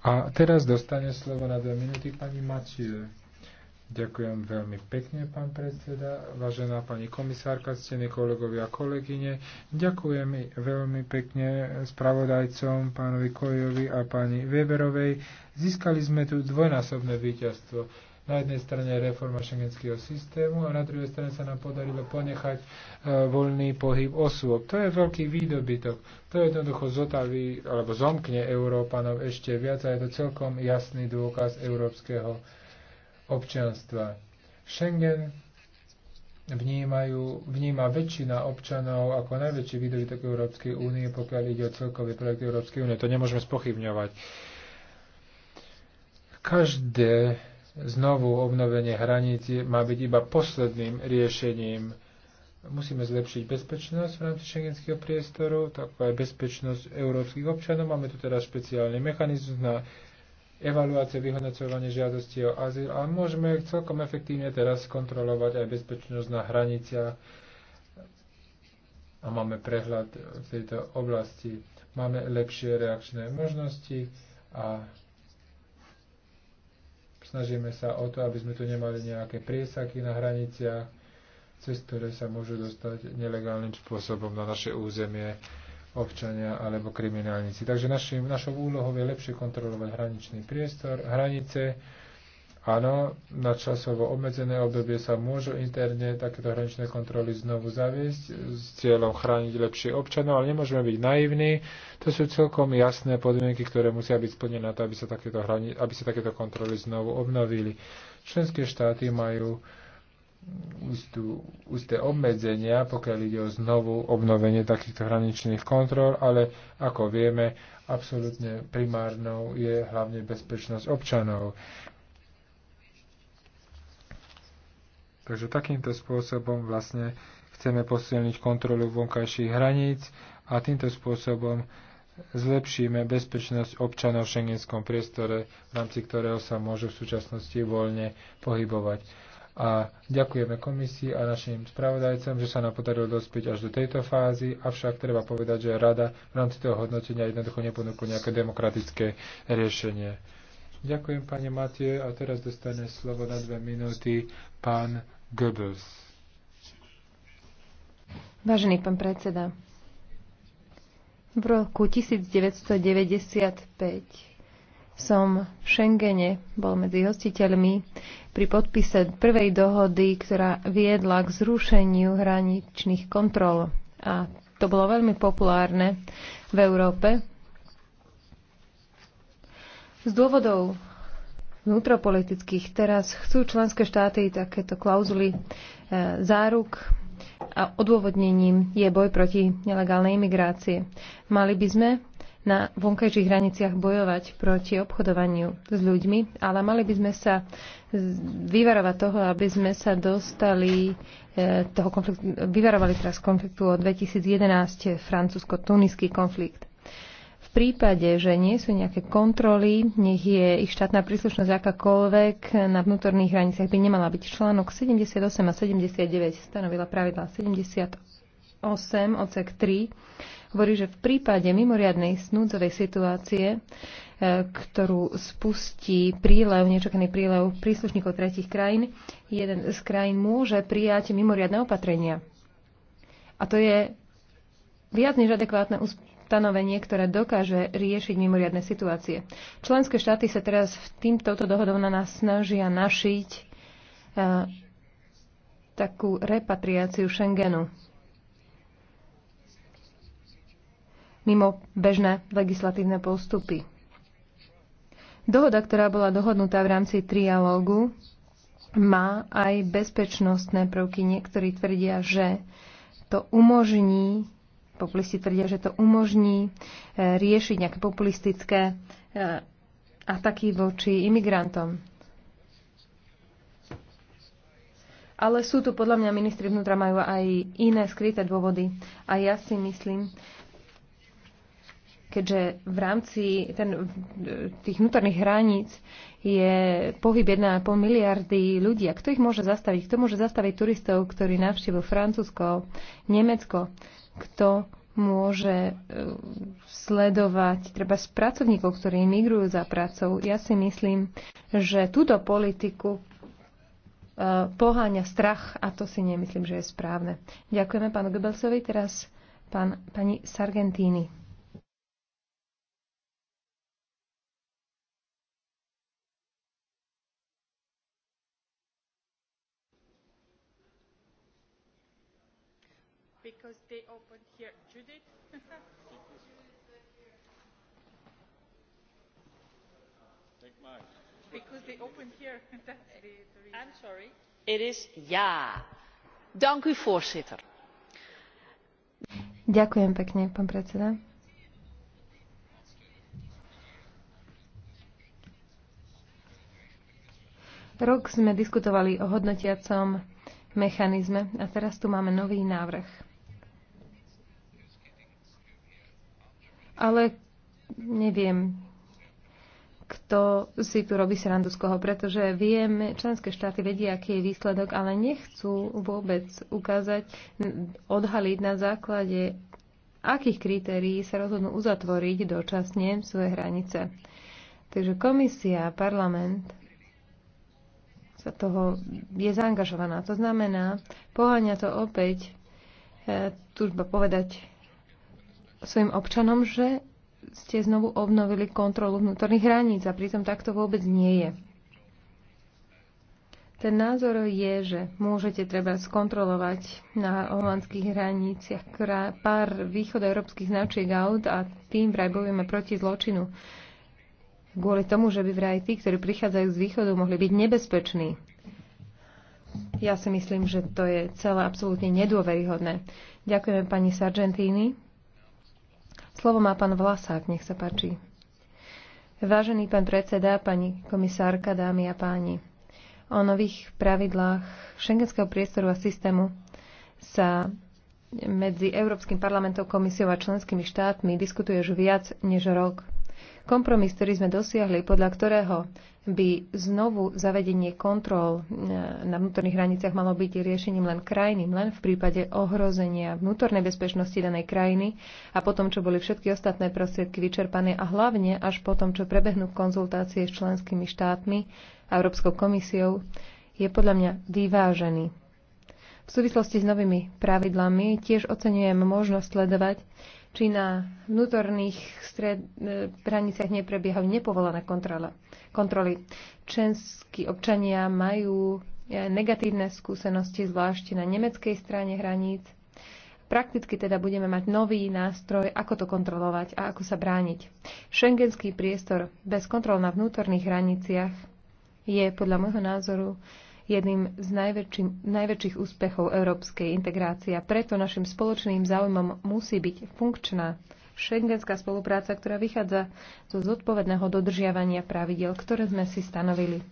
A teraz dostane slovo na dve minúty pani Matie. Ďakujem veľmi pekne, pán predseda, vážená pani komisárka, ctení kolegovia a kolegyne. Ďakujem veľmi pekne spravodajcom, pánovi Kojovi a pani Weberovej. Získali sme tu dvojnásobné víťazstvo na jednej strane reforma šengenského systému a na druhej strane sa nám podarilo ponechať e, voľný pohyb osôb. To je veľký výdobytok. To jednoducho zotaví alebo zomkne Európanov ešte viac a je to celkom jasný dôkaz európskeho občianstva. Schengen vnímajú, vníma väčšina občanov ako najväčší výdobytok Európskej únie, pokiaľ ide o celkový projekt Európskej únie. To nemôžeme spochybňovať. Každé Znovu obnovenie hraníc má byť iba posledným riešením. Musíme zlepšiť bezpečnosť v rámci šengenského priestoru, tak aj bezpečnosť európskych občanov. Máme tu teraz špeciálny mechanizmus na evaluácie, vyhodnocovanie žiadosti o azyl a môžeme celkom efektívne teraz kontrolovať aj bezpečnosť na hraniciach a máme prehľad v tejto oblasti. Máme lepšie reakčné možnosti a Snažíme sa o to, aby sme tu nemali nejaké priesaky na hraniciach, cez ktoré sa môžu dostať nelegálnym spôsobom na naše územie občania alebo kriminálnici. Takže našim, našou úlohou je lepšie kontrolovať hraničný priestor, hranice, Áno, na časovo obmedzené obdobie sa môžu interne takéto hraničné kontroly znovu zaviesť s cieľom chrániť lepšie občanov, ale nemôžeme byť naivní. To sú celkom jasné podmienky, ktoré musia byť splnené na to, aby sa takéto, hrani, aby sa takéto kontroly znovu obnovili. Členské štáty majú istú, isté obmedzenia, pokiaľ ide o znovu obnovenie takýchto hraničných kontrol, ale ako vieme, absolútne primárnou je hlavne bezpečnosť občanov. Takže takýmto spôsobom vlastne chceme posilniť kontrolu vonkajších hraníc a týmto spôsobom zlepšíme bezpečnosť občanov v šengenskom priestore, v rámci ktorého sa môžu v súčasnosti voľne pohybovať. A ďakujeme komisii a našim spravodajcom, že sa nám podarilo dospieť až do tejto fázy, avšak treba povedať, že rada v rámci toho hodnotenia jednoducho neponúkla nejaké demokratické riešenie. Ďakujem, pani Matie, a teraz dostane slovo na dve minúty pán Goebbels. Vážený pán predseda, v roku 1995 som v Schengene bol medzi hostiteľmi pri podpise prvej dohody, ktorá viedla k zrušeniu hraničných kontrol. A to bolo veľmi populárne v Európe. Z dôvodov vnútropolitických. Teraz chcú členské štáty takéto klauzuly e, záruk a odôvodnením je boj proti nelegálnej imigrácie. Mali by sme na vonkajších hraniciach bojovať proti obchodovaniu s ľuďmi, ale mali by sme sa vyvarovať toho, aby sme sa dostali e, toho konfliktu, vyvarovali teraz konfliktu o 2011 francúzsko-tunisský konflikt prípade, že nie sú nejaké kontroly, nech je ich štátna príslušnosť akákoľvek na vnútorných hraniciach by nemala byť. Článok 78 a 79 stanovila pravidla 78 odsek 3 hovorí, že v prípade mimoriadnej snúdzovej situácie, e, ktorú spustí prílev, nečakaný prílev príslušníkov tretich krajín, jeden z krajín môže prijať mimoriadne opatrenia. A to je viac než adekvátne ustanovenie, ktoré dokáže riešiť mimoriadne situácie. Členské štáty sa teraz v týmto dohodou na nás snažia našiť uh, takú repatriáciu Schengenu mimo bežné legislatívne postupy. Dohoda, ktorá bola dohodnutá v rámci trialógu, má aj bezpečnostné prvky. Niektorí tvrdia, že to umožní Populisti tvrdia, že to umožní e, riešiť nejaké populistické e, ataky voči imigrantom. Ale sú tu podľa mňa ministri vnútra majú aj iné skryté dôvody. A ja si myslím, keďže v rámci ten, e, tých vnútorných hraníc je pohyb 1,5 miliardy ľudí. A kto ich môže zastaviť? Kto môže zastaviť turistov, ktorí navštívujú Francúzsko, Nemecko? kto môže e, sledovať treba z pracovníkov, ktorí migrujú za pracou. Ja si myslím, že túto politiku e, poháňa strach a to si nemyslím, že je správne. Ďakujeme pánu Goebbelsovi, teraz pán, pani Sargentini. Because they Ďakujem pekne, pán predseda. Rok sme diskutovali o hodnotiacom mechanizme a teraz tu máme nový návrh. Ale neviem, to si tu robí srandu z koho, pretože vieme, členské štáty vedia, aký je výsledok, ale nechcú vôbec ukázať, odhaliť na základe, akých kritérií sa rozhodnú uzatvoriť dočasne svoje hranice. Takže komisia, parlament sa toho je zaangažovaná. To znamená, poháňa to opäť e, túžba povedať svojim občanom, že ste znovu obnovili kontrolu vnútorných hraníc a pritom takto vôbec nie je. Ten názor je, že môžete treba skontrolovať na holandských hraniciach pár východoeurópskych značiek aut a tým vraj bojujeme proti zločinu. Kvôli tomu, že by vraj tí, ktorí prichádzajú z východu, mohli byť nebezpeční. Ja si myslím, že to je celé absolútne nedôveryhodné. Ďakujeme pani Sargentini. Slovo má pán Vlasák, nech sa páči. Vážený pán predseda, pani komisárka, dámy a páni. O nových pravidlách šengenského priestoru a systému sa medzi Európskym parlamentom, komisiou a členskými štátmi diskutuje už viac než rok. Kompromis, ktorý sme dosiahli, podľa ktorého by znovu zavedenie kontrol e, na vnútorných hraniciach malo byť riešením len krajiny, len v prípade ohrozenia vnútornej bezpečnosti danej krajiny a potom, čo boli všetky ostatné prostriedky vyčerpané a hlavne až potom, čo prebehnú konzultácie s členskými štátmi a Európskou komisiou, je podľa mňa vyvážený. V súvislosti s novými pravidlami tiež oceňujem možnosť sledovať, či na vnútorných stred, e, hraniciach neprebiehajú nepovolené kontrole, kontroly. Čenskí občania majú e, negatívne skúsenosti, zvlášť na nemeckej strane hraníc. Prakticky teda budeme mať nový nástroj, ako to kontrolovať a ako sa brániť. Schengenský priestor bez kontrol na vnútorných hraniciach je podľa môjho názoru jedným z najväčších úspechov európskej integrácie a preto našim spoločným záujmom musí byť funkčná šengenská spolupráca, ktorá vychádza zo zodpovedného dodržiavania pravidel, ktoré sme si stanovili.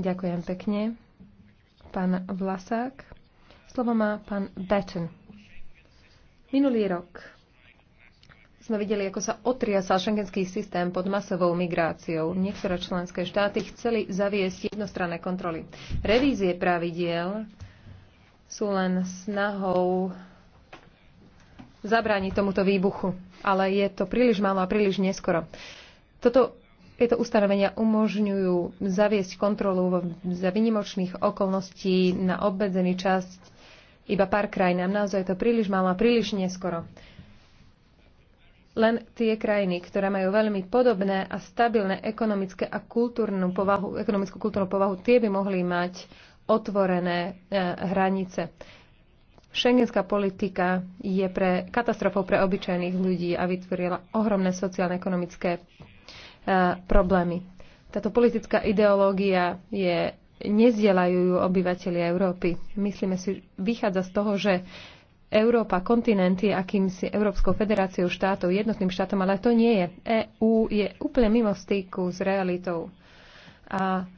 Ďakujem pekne. Pán Vlasák. Slovo má pán Batten. Minulý rok sme videli, ako sa otriasal šengenský systém pod masovou migráciou. Niektoré členské štáty chceli zaviesť jednostranné kontroly. Revízie pravidiel sú len snahou zabrániť tomuto výbuchu, ale je to príliš málo a príliš neskoro. Toto tieto ustanovenia umožňujú zaviesť kontrolu za vynimočných okolností na obmedzený časť iba pár krajinám. Naozaj je to príliš málo a príliš neskoro. Len tie krajiny, ktoré majú veľmi podobné a stabilné ekonomické a kultúrnu povahu, ekonomickú kultúrnu povahu, tie by mohli mať otvorené e, hranice. Schengenská politika je pre katastrofou pre obyčajných ľudí a vytvorila ohromné sociálne-ekonomické e, problémy. Táto politická ideológia je nezdielajú obyvateľi Európy. Myslíme si, vychádza z toho, že Európa, kontinent je akýmsi Európskou federáciou štátov, jednotným štátom, ale to nie je. EÚ je úplne mimo styku s realitou. A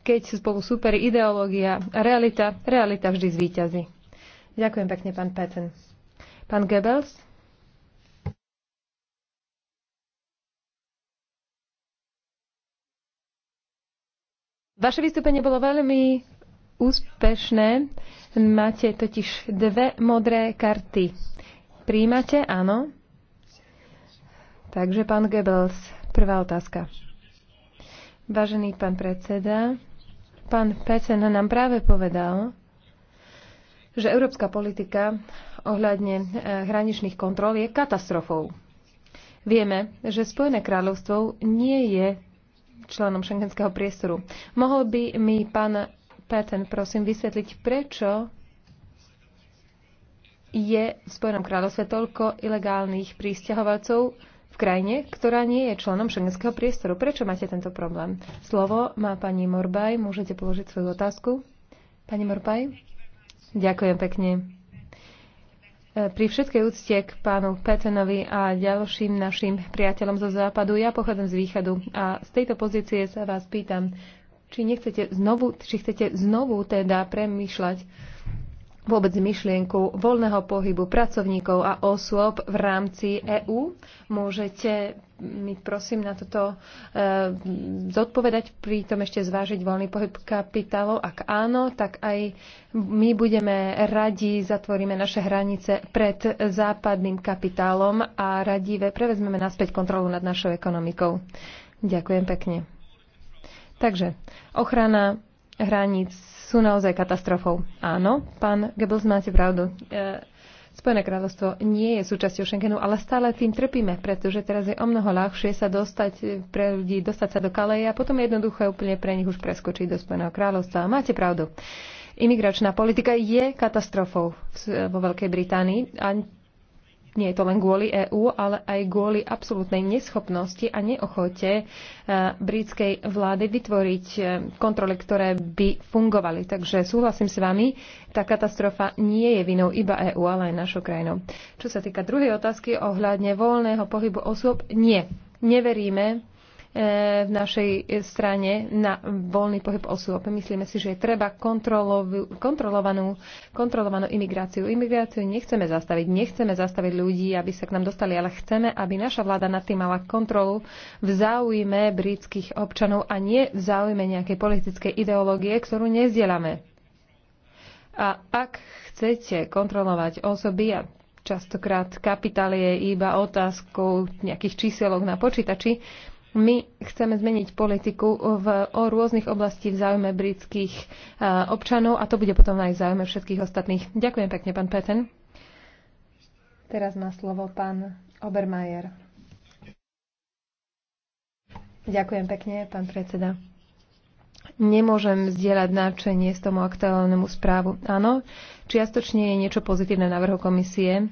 keď spolu super ideológia a realita, realita vždy zvíťazí. Ďakujem pekne, pán Peten. Pán Goebbels? Vaše vystúpenie bolo veľmi úspešné. Máte totiž dve modré karty. Príjmate? Áno. Takže pán Goebbels, prvá otázka. Vážený pán predseda, pán Pecen nám práve povedal, že európska politika ohľadne eh, hraničných kontrol je katastrofou. Vieme, že Spojené kráľovstvo nie je členom šengenského priestoru. Mohol by mi pán Patton, prosím vysvetliť, prečo je v Spojenom kráľovstve toľko ilegálnych prísťahovalcov v krajine, ktorá nie je členom šengenského priestoru. Prečo máte tento problém? Slovo má pani Morbaj. Môžete položiť svoju otázku. Pani Morbaj? Ďakujem pekne. E, pri všetkej úcte k pánu Petenovi a ďalším našim priateľom zo západu, ja pochádzam z východu a z tejto pozície sa vás pýtam, či nechcete znovu, či chcete znovu teda premýšľať vôbec myšlienku voľného pohybu pracovníkov a osôb v rámci EÚ. Môžete mi prosím na toto e, zodpovedať, pritom ešte zvážiť voľný pohyb kapitálov. Ak áno, tak aj my budeme radi, zatvoríme naše hranice pred západným kapitálom a radive prevezmeme naspäť kontrolu nad našou ekonomikou. Ďakujem pekne. Takže ochrana hraníc sú naozaj katastrofou. Áno, pán Goebbels, máte pravdu. E, Spojené kráľovstvo nie je súčasťou Schengenu, ale stále tým trpíme, pretože teraz je o mnoho ľahšie sa dostať pre ľudí, dostať sa do Kaleje a potom je jednoduché úplne pre nich už preskočiť do Spojeného kráľovstva. Máte pravdu. Imigračná politika je katastrofou vo Veľkej Británii a nie je to len kvôli EÚ, ale aj kvôli absolútnej neschopnosti a neochote e, britskej vlády vytvoriť e, kontroly, ktoré by fungovali. Takže súhlasím s vami, tá katastrofa nie je vinou iba EÚ, ale aj našou krajinou. Čo sa týka druhej otázky ohľadne voľného pohybu osôb, nie. Neveríme, E, v našej strane na voľný pohyb osôb. Myslíme si, že treba kontrolovanú, kontrolovanú imigráciu. Imigráciu nechceme zastaviť, nechceme zastaviť ľudí, aby sa k nám dostali, ale chceme, aby naša vláda nad tým mala kontrolu v záujme britských občanov a nie v záujme nejakej politickej ideológie, ktorú nezdielame. A ak chcete kontrolovať osoby a častokrát kapitál je iba otázkou nejakých číselok na počítači, my chceme zmeniť politiku v, o rôznych oblastí v záujme britských e, občanov a to bude potom aj v záujme všetkých ostatných. Ďakujem pekne, pán Peten. Teraz má slovo pán Obermajer. Ďakujem pekne, pán predseda. Nemôžem zdieľať náčenie z tomu aktuálnemu správu. Áno, čiastočne je niečo pozitívne na vrhu komisie,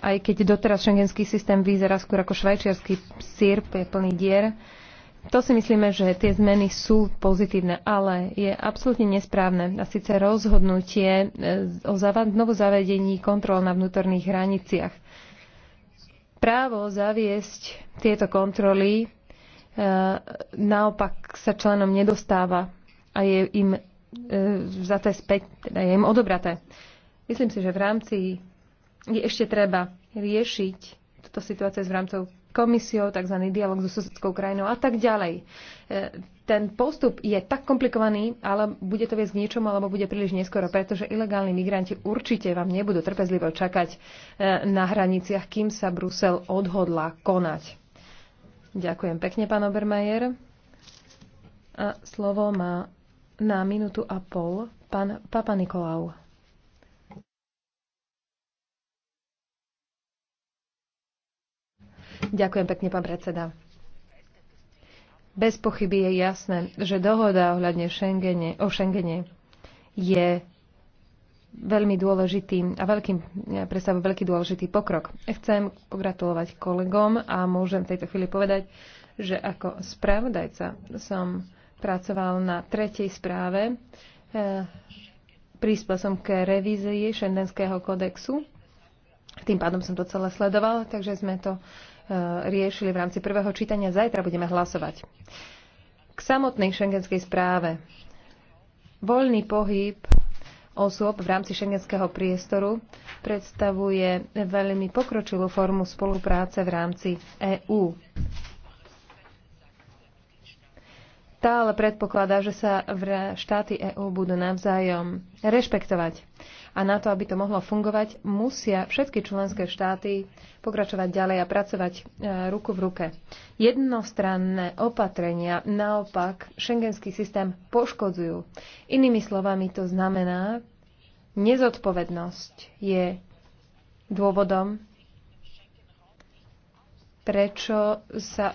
aj keď doteraz šengenský systém vyzerá skôr ako švajčiarsky sír, je plný dier. To si myslíme, že tie zmeny sú pozitívne, ale je absolútne nesprávne a síce rozhodnutie e, o znovu zavedení kontrol na vnútorných hraniciach. Právo zaviesť tieto kontroly e, naopak sa členom nedostáva a je im e, vzaté späť, teda je im odobraté. Myslím si, že v rámci je ešte treba riešiť túto situáciu s rámcov komisiou, tzv. dialog so susedskou krajinou a tak ďalej. E, ten postup je tak komplikovaný, ale bude to viesť k niečomu, alebo bude príliš neskoro, pretože ilegálni migranti určite vám nebudú trpezlivo čakať e, na hraniciach, kým sa Brusel odhodla konať. Ďakujem pekne, pán Obermajer. A slovo má na minútu a pol pán Papa Nikolau. Ďakujem pekne, pán predseda. Bez pochyby je jasné, že dohoda ohľadne Schengene, o Schengene je veľmi dôležitý a veľkým, predstavuje veľký dôležitý pokrok. Chcem pogratulovať kolegom a môžem v tejto chvíli povedať, že ako spravodajca som pracoval na tretej správe. Eh, príspel som ke revízii Šendenského kodexu. Tým pádom som to celé sledoval, takže sme to riešili v rámci prvého čítania. Zajtra budeme hlasovať. K samotnej šengenskej správe. Voľný pohyb osôb v rámci šengenského priestoru predstavuje veľmi pokročilú formu spolupráce v rámci EÚ. Tá ale predpokladá, že sa štáty EÚ budú navzájom rešpektovať. A na to, aby to mohlo fungovať, musia všetky členské štáty pokračovať ďalej a pracovať e, ruku v ruke. Jednostranné opatrenia naopak šengenský systém poškodzujú. Inými slovami to znamená, nezodpovednosť je dôvodom, prečo sa e,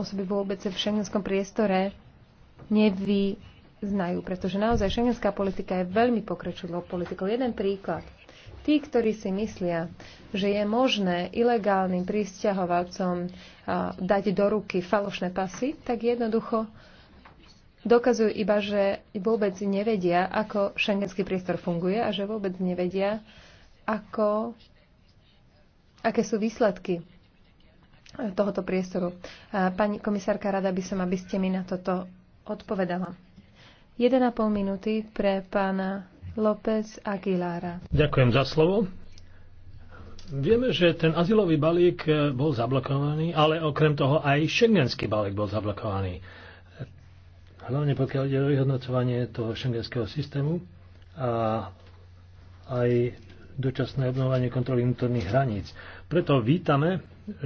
osoby vôbec v šengenskom priestore nevy, znajú, pretože naozaj šengenská politika je veľmi pokročilou politikou. Jeden príklad. Tí, ktorí si myslia, že je možné ilegálnym prisťahovalcom dať do ruky falošné pasy, tak jednoducho dokazujú iba, že vôbec nevedia, ako šengenský priestor funguje a že vôbec nevedia, ako, aké sú výsledky tohoto priestoru. Pani komisárka, rada by som, aby ste mi na toto odpovedala. 1,5 minúty pre pána López Aguilára. Ďakujem za slovo. Vieme, že ten azylový balík eh, bol zablokovaný, ale okrem toho aj šengenský balík bol zablokovaný. Hlavne pokiaľ ide o vyhodnocovanie toho šengenského systému a aj dočasné obnovanie kontroly vnútorných hraníc. Preto vítame,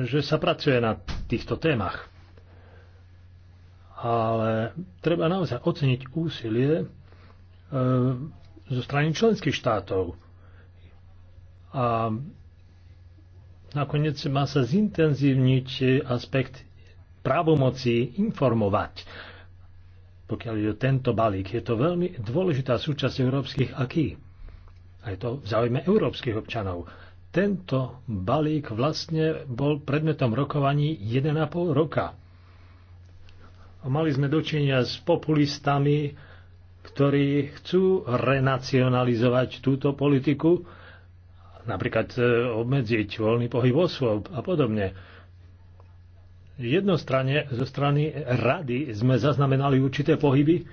že sa pracuje na týchto témach ale treba naozaj oceniť úsilie e, zo strany členských štátov. A nakoniec má sa zintenzívniť aspekt právomoci informovať. Pokiaľ je tento balík, je to veľmi dôležitá súčasť európskych aký. A je to v záujme európskych občanov. Tento balík vlastne bol predmetom rokovaní 1,5 roka a mali sme dočenia s populistami, ktorí chcú renacionalizovať túto politiku, napríklad e, obmedziť voľný pohyb osôb a podobne. Jednostranne zo strany rady sme zaznamenali určité pohyby,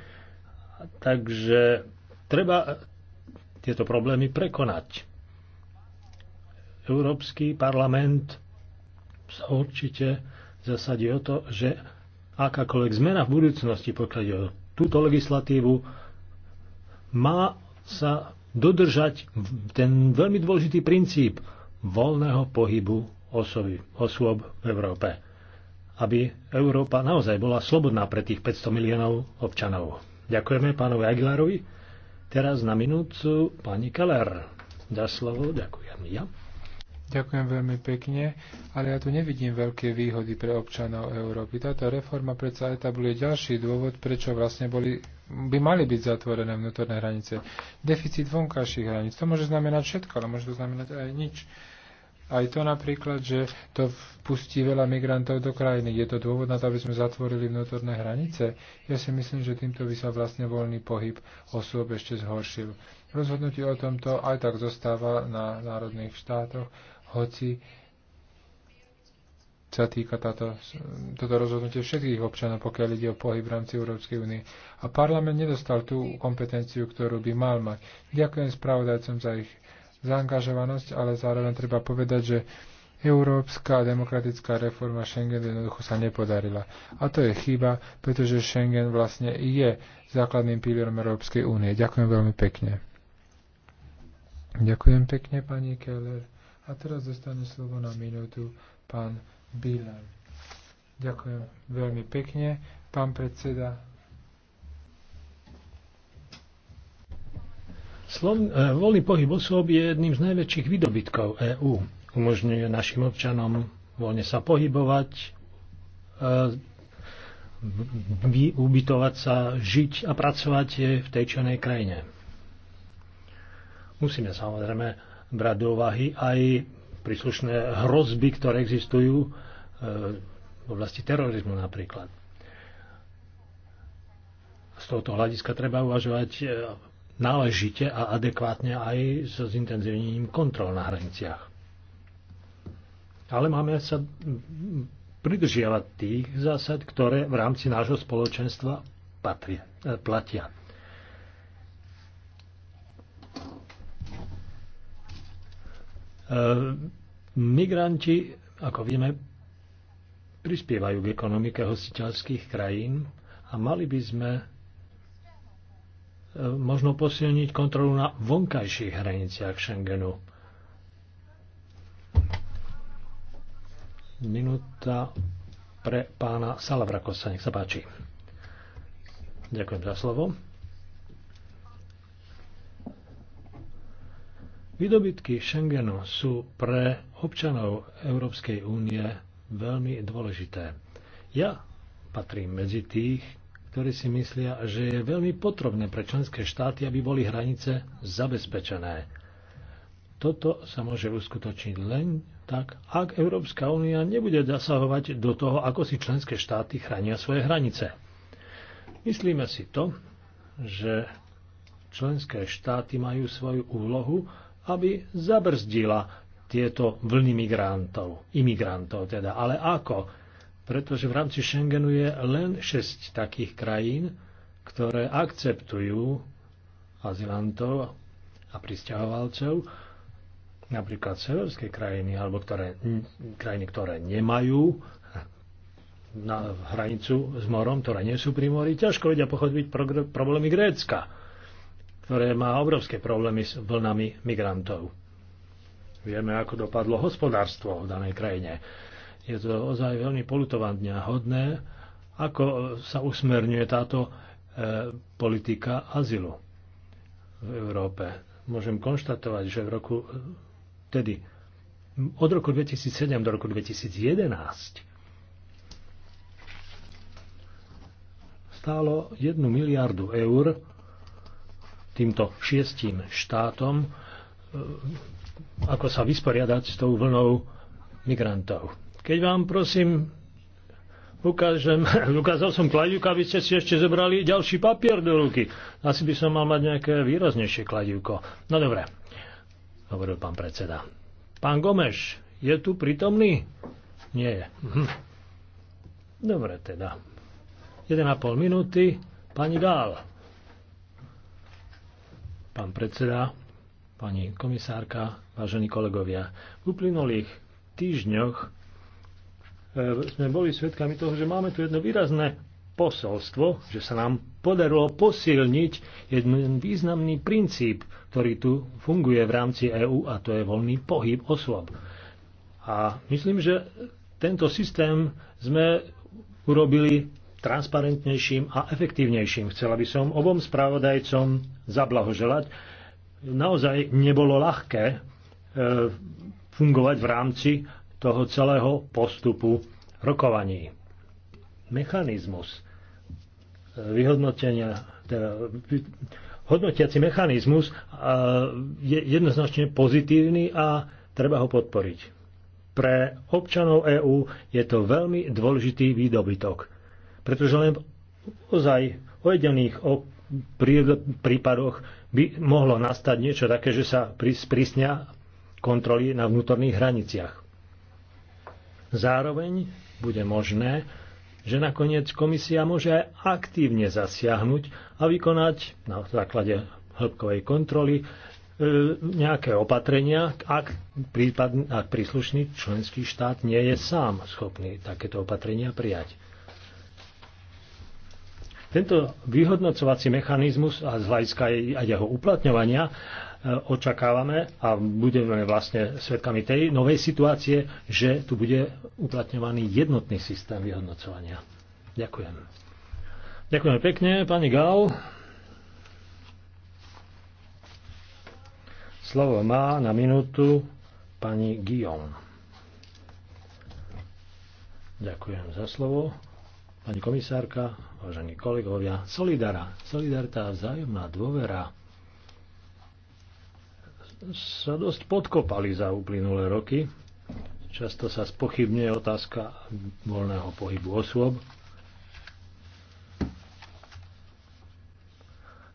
takže treba tieto problémy prekonať. Európsky parlament sa určite zasadí o to, že akákoľvek zmena v budúcnosti, pokiaľ o túto legislatívu, má sa dodržať ten veľmi dôležitý princíp voľného pohybu osoby, osôb v Európe. Aby Európa naozaj bola slobodná pre tých 500 miliónov občanov. Ďakujeme pánovi Aguilarovi. Teraz na minúcu, pani Keller. Za slovo ďakujem ja. Ďakujem veľmi pekne, ale ja tu nevidím veľké výhody pre občanov Európy. Táto reforma predsa etabluje ďalší dôvod, prečo vlastne boli, by mali byť zatvorené vnútorné hranice. Deficit vonkajších hraníc. To môže znamenať všetko, ale môže to znamenať aj nič. Aj to napríklad, že to pustí veľa migrantov do krajiny. Je to dôvod na to, aby sme zatvorili vnútorné hranice? Ja si myslím, že týmto by sa vlastne voľný pohyb osôb ešte zhoršil. Rozhodnutie o tomto aj tak zostáva na národných štátoch hoci sa týka táto, toto rozhodnutie všetkých občanov, pokiaľ ide o pohyb v rámci Európskej únie. A parlament nedostal tú kompetenciu, ktorú by mal mať. Ďakujem spravodajcom za ich zaangažovanosť, ale zároveň treba povedať, že európska demokratická reforma Schengen jednoducho sa nepodarila. A to je chyba, pretože Schengen vlastne je základným pilierom Európskej únie. Ďakujem veľmi pekne. Ďakujem pekne, pani Keller. A teraz dostane slovo na minútu pán Bilan. Ďakujem veľmi pekne, pán predseda. E, voľný pohyb osôb je jedným z najväčších vydobytkov EÚ. Umožňuje našim občanom voľne sa pohybovať, e, ubytovať sa, žiť a pracovať v tej členej krajine. Musíme samozrejme brať do úvahy aj príslušné hrozby, ktoré existujú e, v oblasti terorizmu napríklad. Z tohoto hľadiska treba uvažovať e, náležite a adekvátne aj so zintenzívnením kontrol na hraniciach. Ale máme sa pridržiavať tých zásad, ktoré v rámci nášho spoločenstva patria, e, platia. Ehm, migranti, ako vieme, prispievajú k ekonomike hostiteľských krajín a mali by sme ehm, možno posilniť kontrolu na vonkajších hraniciach Schengenu. Minúta pre pána Salavrakosa, nech sa páči. Ďakujem za slovo. Výdobytky Schengenu sú pre občanov Európskej únie veľmi dôležité. Ja patrím medzi tých, ktorí si myslia, že je veľmi potrebné pre členské štáty, aby boli hranice zabezpečené. Toto sa môže uskutočniť len tak, ak Európska únia nebude zasahovať do toho, ako si členské štáty chránia svoje hranice. Myslíme si to, že členské štáty majú svoju úlohu aby zabrzdila tieto vlny migrantov, imigrantov teda. Ale ako? Pretože v rámci Schengenu je len 6 takých krajín, ktoré akceptujú azilantov a pristahovalcov, napríklad severské krajiny, alebo ktoré, krajiny, ktoré nemajú na hranicu s morom, ktoré nie sú pri mori, ťažko vedia pochopiť problémy Grécka ktoré má obrovské problémy s vlnami migrantov. Vieme, ako dopadlo hospodárstvo v danej krajine. Je to ozaj veľmi a hodné, ako sa usmerňuje táto e, politika azylu v Európe. Môžem konštatovať, že v roku e, tedy od roku 2007 do roku 2011 stálo 1 miliardu eur týmto šiestim štátom, e, ako sa vysporiadať s tou vlnou migrantov. Keď vám prosím ukážem, ukázal som kladivka, aby ste si ešte zobrali ďalší papier do ruky. Asi by som mal mať nejaké výraznejšie kladivko. No dobre, hovoril pán predseda. Pán Gomeš, je tu prítomný? Nie je. Mhm. Dobre teda. 1,5 minúty. Pani Dál pán predseda, pani komisárka, vážení kolegovia. V uplynulých týždňoch e, sme boli svedkami toho, že máme tu jedno výrazné posolstvo, že sa nám podarilo posilniť jeden významný princíp, ktorý tu funguje v rámci EÚ a to je voľný pohyb osôb. A myslím, že tento systém sme urobili transparentnejším a efektívnejším. Chcela by som obom spravodajcom zablahoželať. Naozaj nebolo ľahké e, fungovať v rámci toho celého postupu rokovaní. Mechanizmus e, vyhodnotenia, teda, hodnotiaci mechanizmus e, je jednoznačne pozitívny a treba ho podporiť. Pre občanov EÚ je to veľmi dôležitý výdobytok pretože len ozaj ojedených prípadoch by mohlo nastať niečo také, že sa sprísnia kontroly na vnútorných hraniciach. Zároveň bude možné, že nakoniec komisia môže aj aktívne zasiahnuť a vykonať na základe hĺbkovej kontroly e, nejaké opatrenia, ak, prípad, ak príslušný členský štát nie je sám schopný takéto opatrenia prijať. Tento vyhodnocovací mechanizmus a z hľadiska aj jeho uplatňovania e, očakávame a budeme vlastne svedkami tej novej situácie, že tu bude uplatňovaný jednotný systém vyhodnocovania. Ďakujem. Ďakujeme pekne, pani Gal. Slovo má na minútu pani Guillaume. Ďakujem za slovo. Pani komisárka, vážení kolegovia, solidara, solidarita a vzájomná dôvera sa dosť podkopali za uplynulé roky. Často sa spochybne otázka voľného pohybu osôb.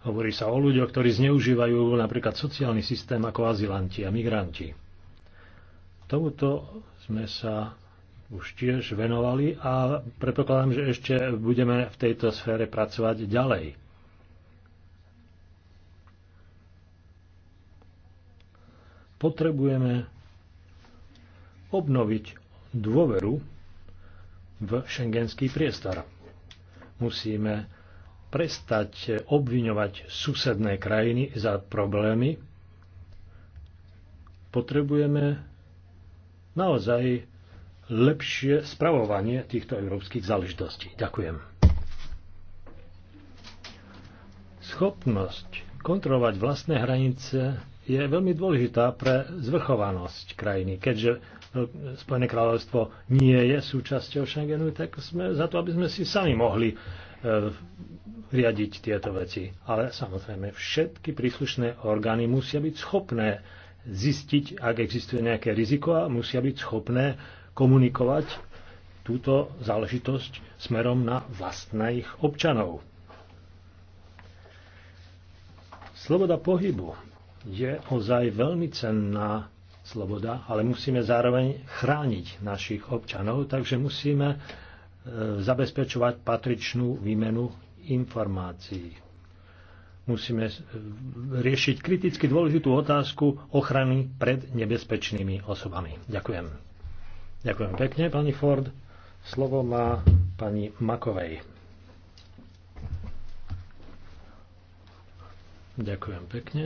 Hovorí sa o ľuďoch, ktorí zneužívajú napríklad sociálny systém ako azilanti a migranti. Tomuto sme sa už tiež venovali a predpokladám, že ešte budeme v tejto sfére pracovať ďalej. Potrebujeme obnoviť dôveru v šengenský priestor. Musíme prestať obviňovať susedné krajiny za problémy. Potrebujeme naozaj lepšie spravovanie týchto európskych záležitostí. Ďakujem. Schopnosť kontrolovať vlastné hranice je veľmi dôležitá pre zvrchovanosť krajiny. Keďže e, Spojené kráľovstvo nie je súčasťou Schengenu, tak sme za to, aby sme si sami mohli e, riadiť tieto veci. Ale samozrejme, všetky príslušné orgány musia byť schopné zistiť, ak existuje nejaké riziko a musia byť schopné komunikovať túto záležitosť smerom na vlastných občanov. Sloboda pohybu je ozaj veľmi cenná sloboda, ale musíme zároveň chrániť našich občanov, takže musíme e, zabezpečovať patričnú výmenu informácií. Musíme e, riešiť kriticky dôležitú otázku ochrany pred nebezpečnými osobami. Ďakujem. Ďakujem pekne, pani Ford. Slovo má pani Makovej. Ďakujem pekne,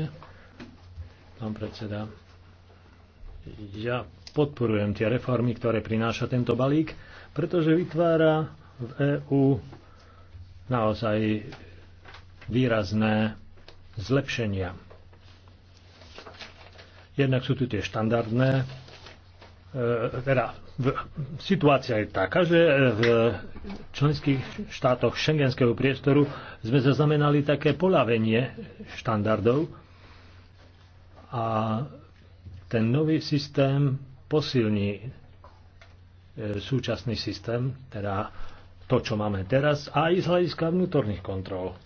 pán predseda. Ja podporujem tie reformy, ktoré prináša tento balík, pretože vytvára v EÚ naozaj výrazné zlepšenia. Jednak sú tu tie štandardné E, teda situácia je taká, že e, v členských štátoch šengenského priestoru sme zaznamenali také polavenie štandardov a ten nový systém posilní e, súčasný systém, teda to, čo máme teraz, aj z hľadiska vnútorných kontrol.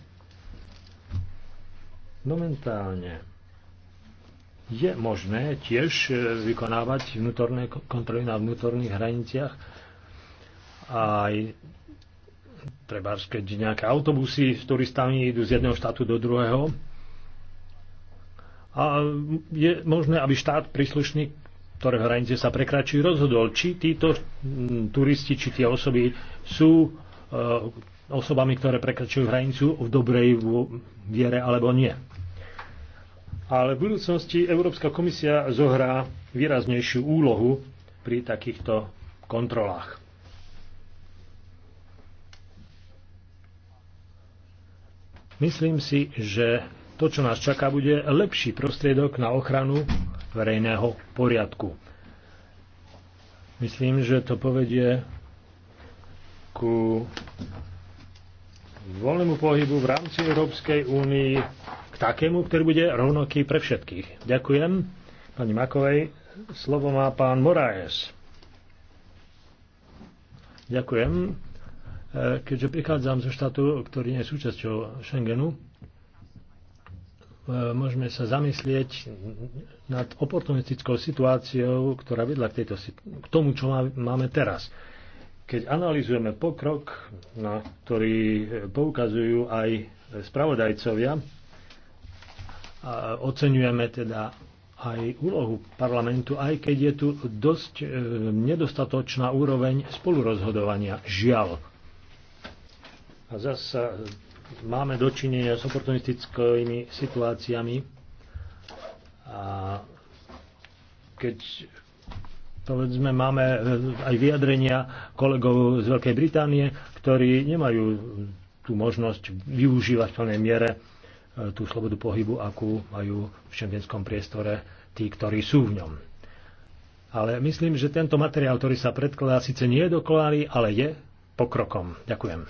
Momentálne je možné tiež e, vykonávať vnútorné kontroly na vnútorných hraniciach. A aj treba, keď nejaké autobusy s turistami idú z jedného štátu do druhého. A je možné, aby štát príslušný, ktoré hranice sa prekračujú, rozhodol, či títo turisti, či tie osoby sú e, osobami, ktoré prekračujú hranicu v dobrej viere alebo nie. Ale v budúcnosti Európska komisia zohrá výraznejšiu úlohu pri takýchto kontrolách. Myslím si, že to, čo nás čaká, bude lepší prostriedok na ochranu verejného poriadku. Myslím, že to povedie ku voľnému pohybu v rámci Európskej únii k takému, ktorý bude rovnoký pre všetkých. Ďakujem. Pani Makovej, slovo má pán Moraes. Ďakujem. E, keďže prichádzam zo štátu, ktorý nie je súčasťou Schengenu, e, môžeme sa zamyslieť nad oportunistickou situáciou, ktorá vedla k, tejto, k tomu, čo máme teraz. Keď analizujeme pokrok, na ktorý e, poukazujú aj spravodajcovia, a oceňujeme teda aj úlohu parlamentu, aj keď je tu dosť e, nedostatočná úroveň spolurozhodovania. Žiaľ. A zase máme dočinenia s oportunistickými situáciami a keď Povedzme, máme eh, aj vyjadrenia kolegov z Veľkej Británie, ktorí nemajú tú možnosť využívať v plnej miere eh, tú slobodu pohybu, akú majú v šengenskom priestore tí, ktorí sú v ňom. Ale myslím, že tento materiál, ktorý sa predkladá, síce nie je dokonalý, ale je pokrokom. Ďakujem.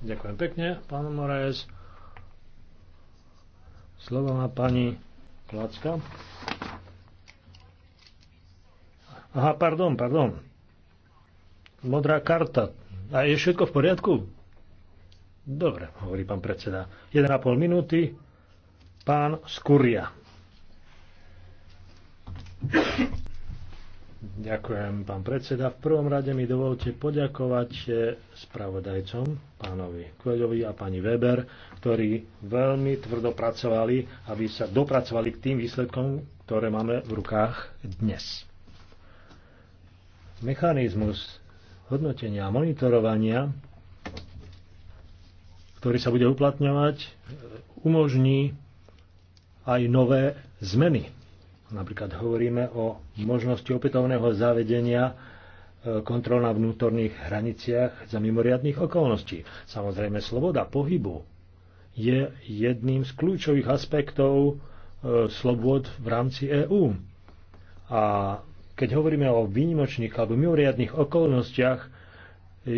Ďakujem pekne, pán Moraes. Slovo má pani Klacka. Aha, pardon, pardon. Modrá karta. A je všetko v poriadku? Dobre, hovorí pán predseda. 1,5 minúty. Pán Skuria. Ďakujem, pán predseda. V prvom rade mi dovolte poďakovať eh, spravodajcom, pánovi Kveľovi a pani Weber, ktorí veľmi tvrdo pracovali, aby sa dopracovali k tým výsledkom, ktoré máme v rukách dnes mechanizmus hodnotenia a monitorovania, ktorý sa bude uplatňovať, e, umožní aj nové zmeny. Napríklad hovoríme o možnosti opätovného zavedenia e, kontrol na vnútorných hraniciach za mimoriadných okolností. Samozrejme, sloboda pohybu je jedným z kľúčových aspektov e, slobod v rámci EÚ. A keď hovoríme o výnimočných alebo mimoriadných okolnostiach, e,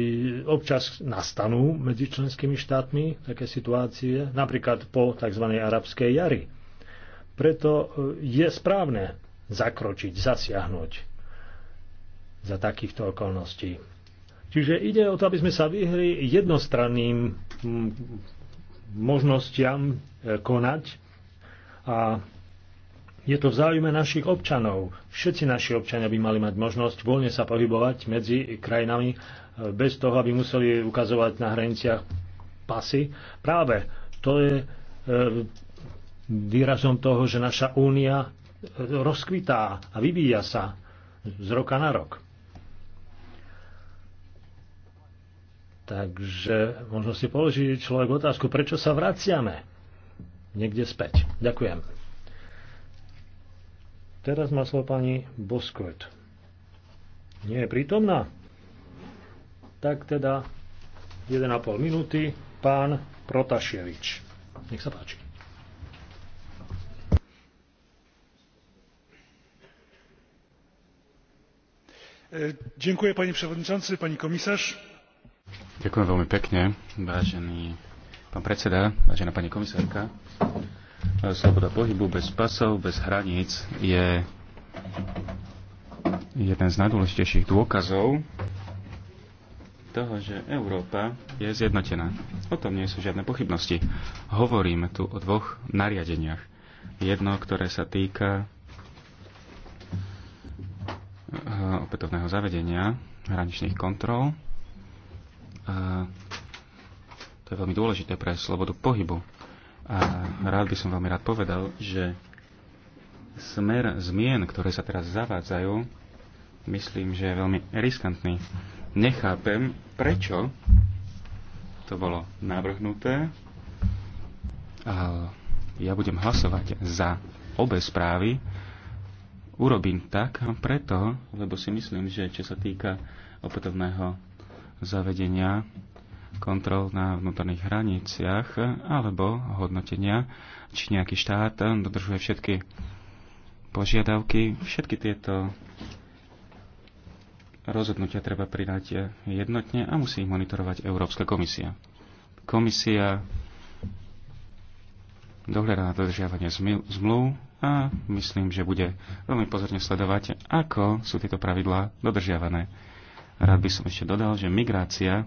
občas nastanú medzi členskými štátmi také situácie, napríklad po tzv. arabskej jari. Preto e, je správne zakročiť, zasiahnuť za takýchto okolností. Čiže ide o to, aby sme sa vyhli jednostranným možnostiam e, konať a je to v záujme našich občanov. Všetci naši občania by mali mať možnosť voľne sa pohybovať medzi krajinami e, bez toho, aby museli ukazovať na hraniciach pasy. Práve to je e, výrazom toho, že naša únia e, rozkvitá a vyvíja sa z roka na rok. Takže možno si položí človek otázku, prečo sa vraciame niekde späť. Ďakujem. Teraz má slovo pani Boskvet. Nie je prítomná? Tak teda 1,5 minúty pán Protaševič. Nech sa páči. Ďakujem, e, pani przewodniczący, pani komisarz. Ďakujem veľmi pekne, vážený pán predseda, vážená pani komisárka sloboda pohybu bez pasov, bez hraníc je jeden z najdôležitejších dôkazov toho, že Európa je zjednotená. O tom nie sú žiadne pochybnosti. Hovoríme tu o dvoch nariadeniach. Jedno, ktoré sa týka eh, opätovného zavedenia hraničných kontrol. A eh, to je veľmi dôležité pre slobodu pohybu. A rád by som veľmi rád povedal, že smer zmien, ktoré sa teraz zavádzajú, myslím, že je veľmi riskantný. Nechápem, prečo to bolo navrhnuté. A Ja budem hlasovať za obe správy. Urobím tak preto, lebo si myslím, že čo sa týka opätovného zavedenia kontrol na vnútorných hraniciach alebo hodnotenia, či nejaký štát dodržuje všetky požiadavky. Všetky tieto rozhodnutia treba pridať jednotne a musí ich monitorovať Európska komisia. Komisia dohľadá na dodržiavanie zmluv a myslím, že bude veľmi pozorne sledovať, ako sú tieto pravidlá dodržiavané. Rád by som ešte dodal, že migrácia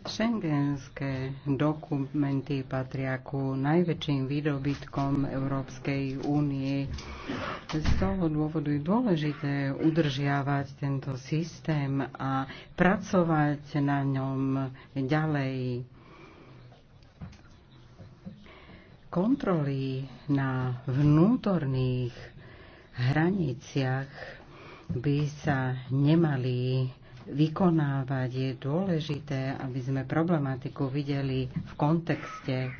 Schengenské dokumenty patria ku najväčším výdobytkom Európskej únie. Z toho dôvodu je dôležité udržiavať tento systém a pracovať na ňom ďalej. Kontroly na vnútorných hraniciach by sa nemali vykonávať. Je dôležité, aby sme problematiku videli v kontexte.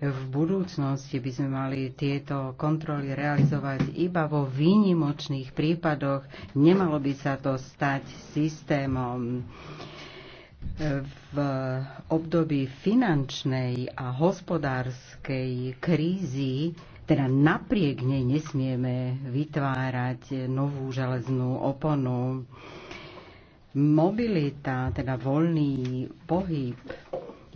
V budúcnosti by sme mali tieto kontroly realizovať iba vo výnimočných prípadoch. Nemalo by sa to stať systémom v období finančnej a hospodárskej krízy, teda napriek nej nesmieme vytvárať novú železnú oponu. Mobilita, teda voľný pohyb,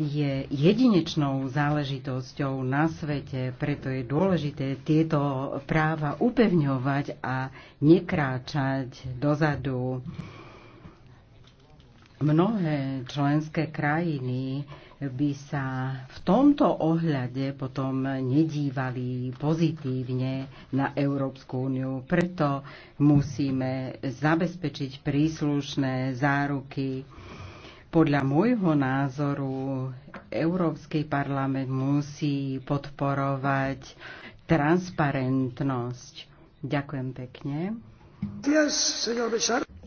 je jedinečnou záležitosťou na svete, preto je dôležité tieto práva upevňovať a nekráčať dozadu. Mnohé členské krajiny by sa v tomto ohľade potom nedívali pozitívne na Európsku úniu. Preto musíme zabezpečiť príslušné záruky. Podľa môjho názoru Európsky parlament musí podporovať transparentnosť. Ďakujem pekne.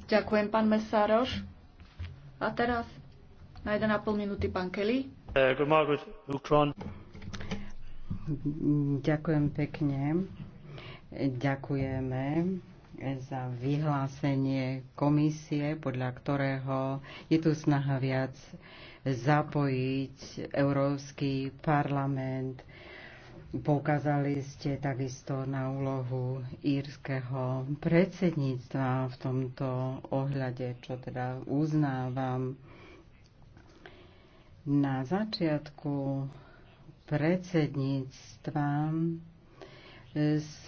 Ďakujem, pán Mesároš. A teraz na minúty pán Kelly. Eh, Ďakujem pekne. Ďakujeme za vyhlásenie komisie, podľa ktorého je tu snaha viac zapojiť Európsky parlament. Poukázali ste takisto na úlohu írskeho predsedníctva v tomto ohľade, čo teda uznávam. Na začiatku predsedníctva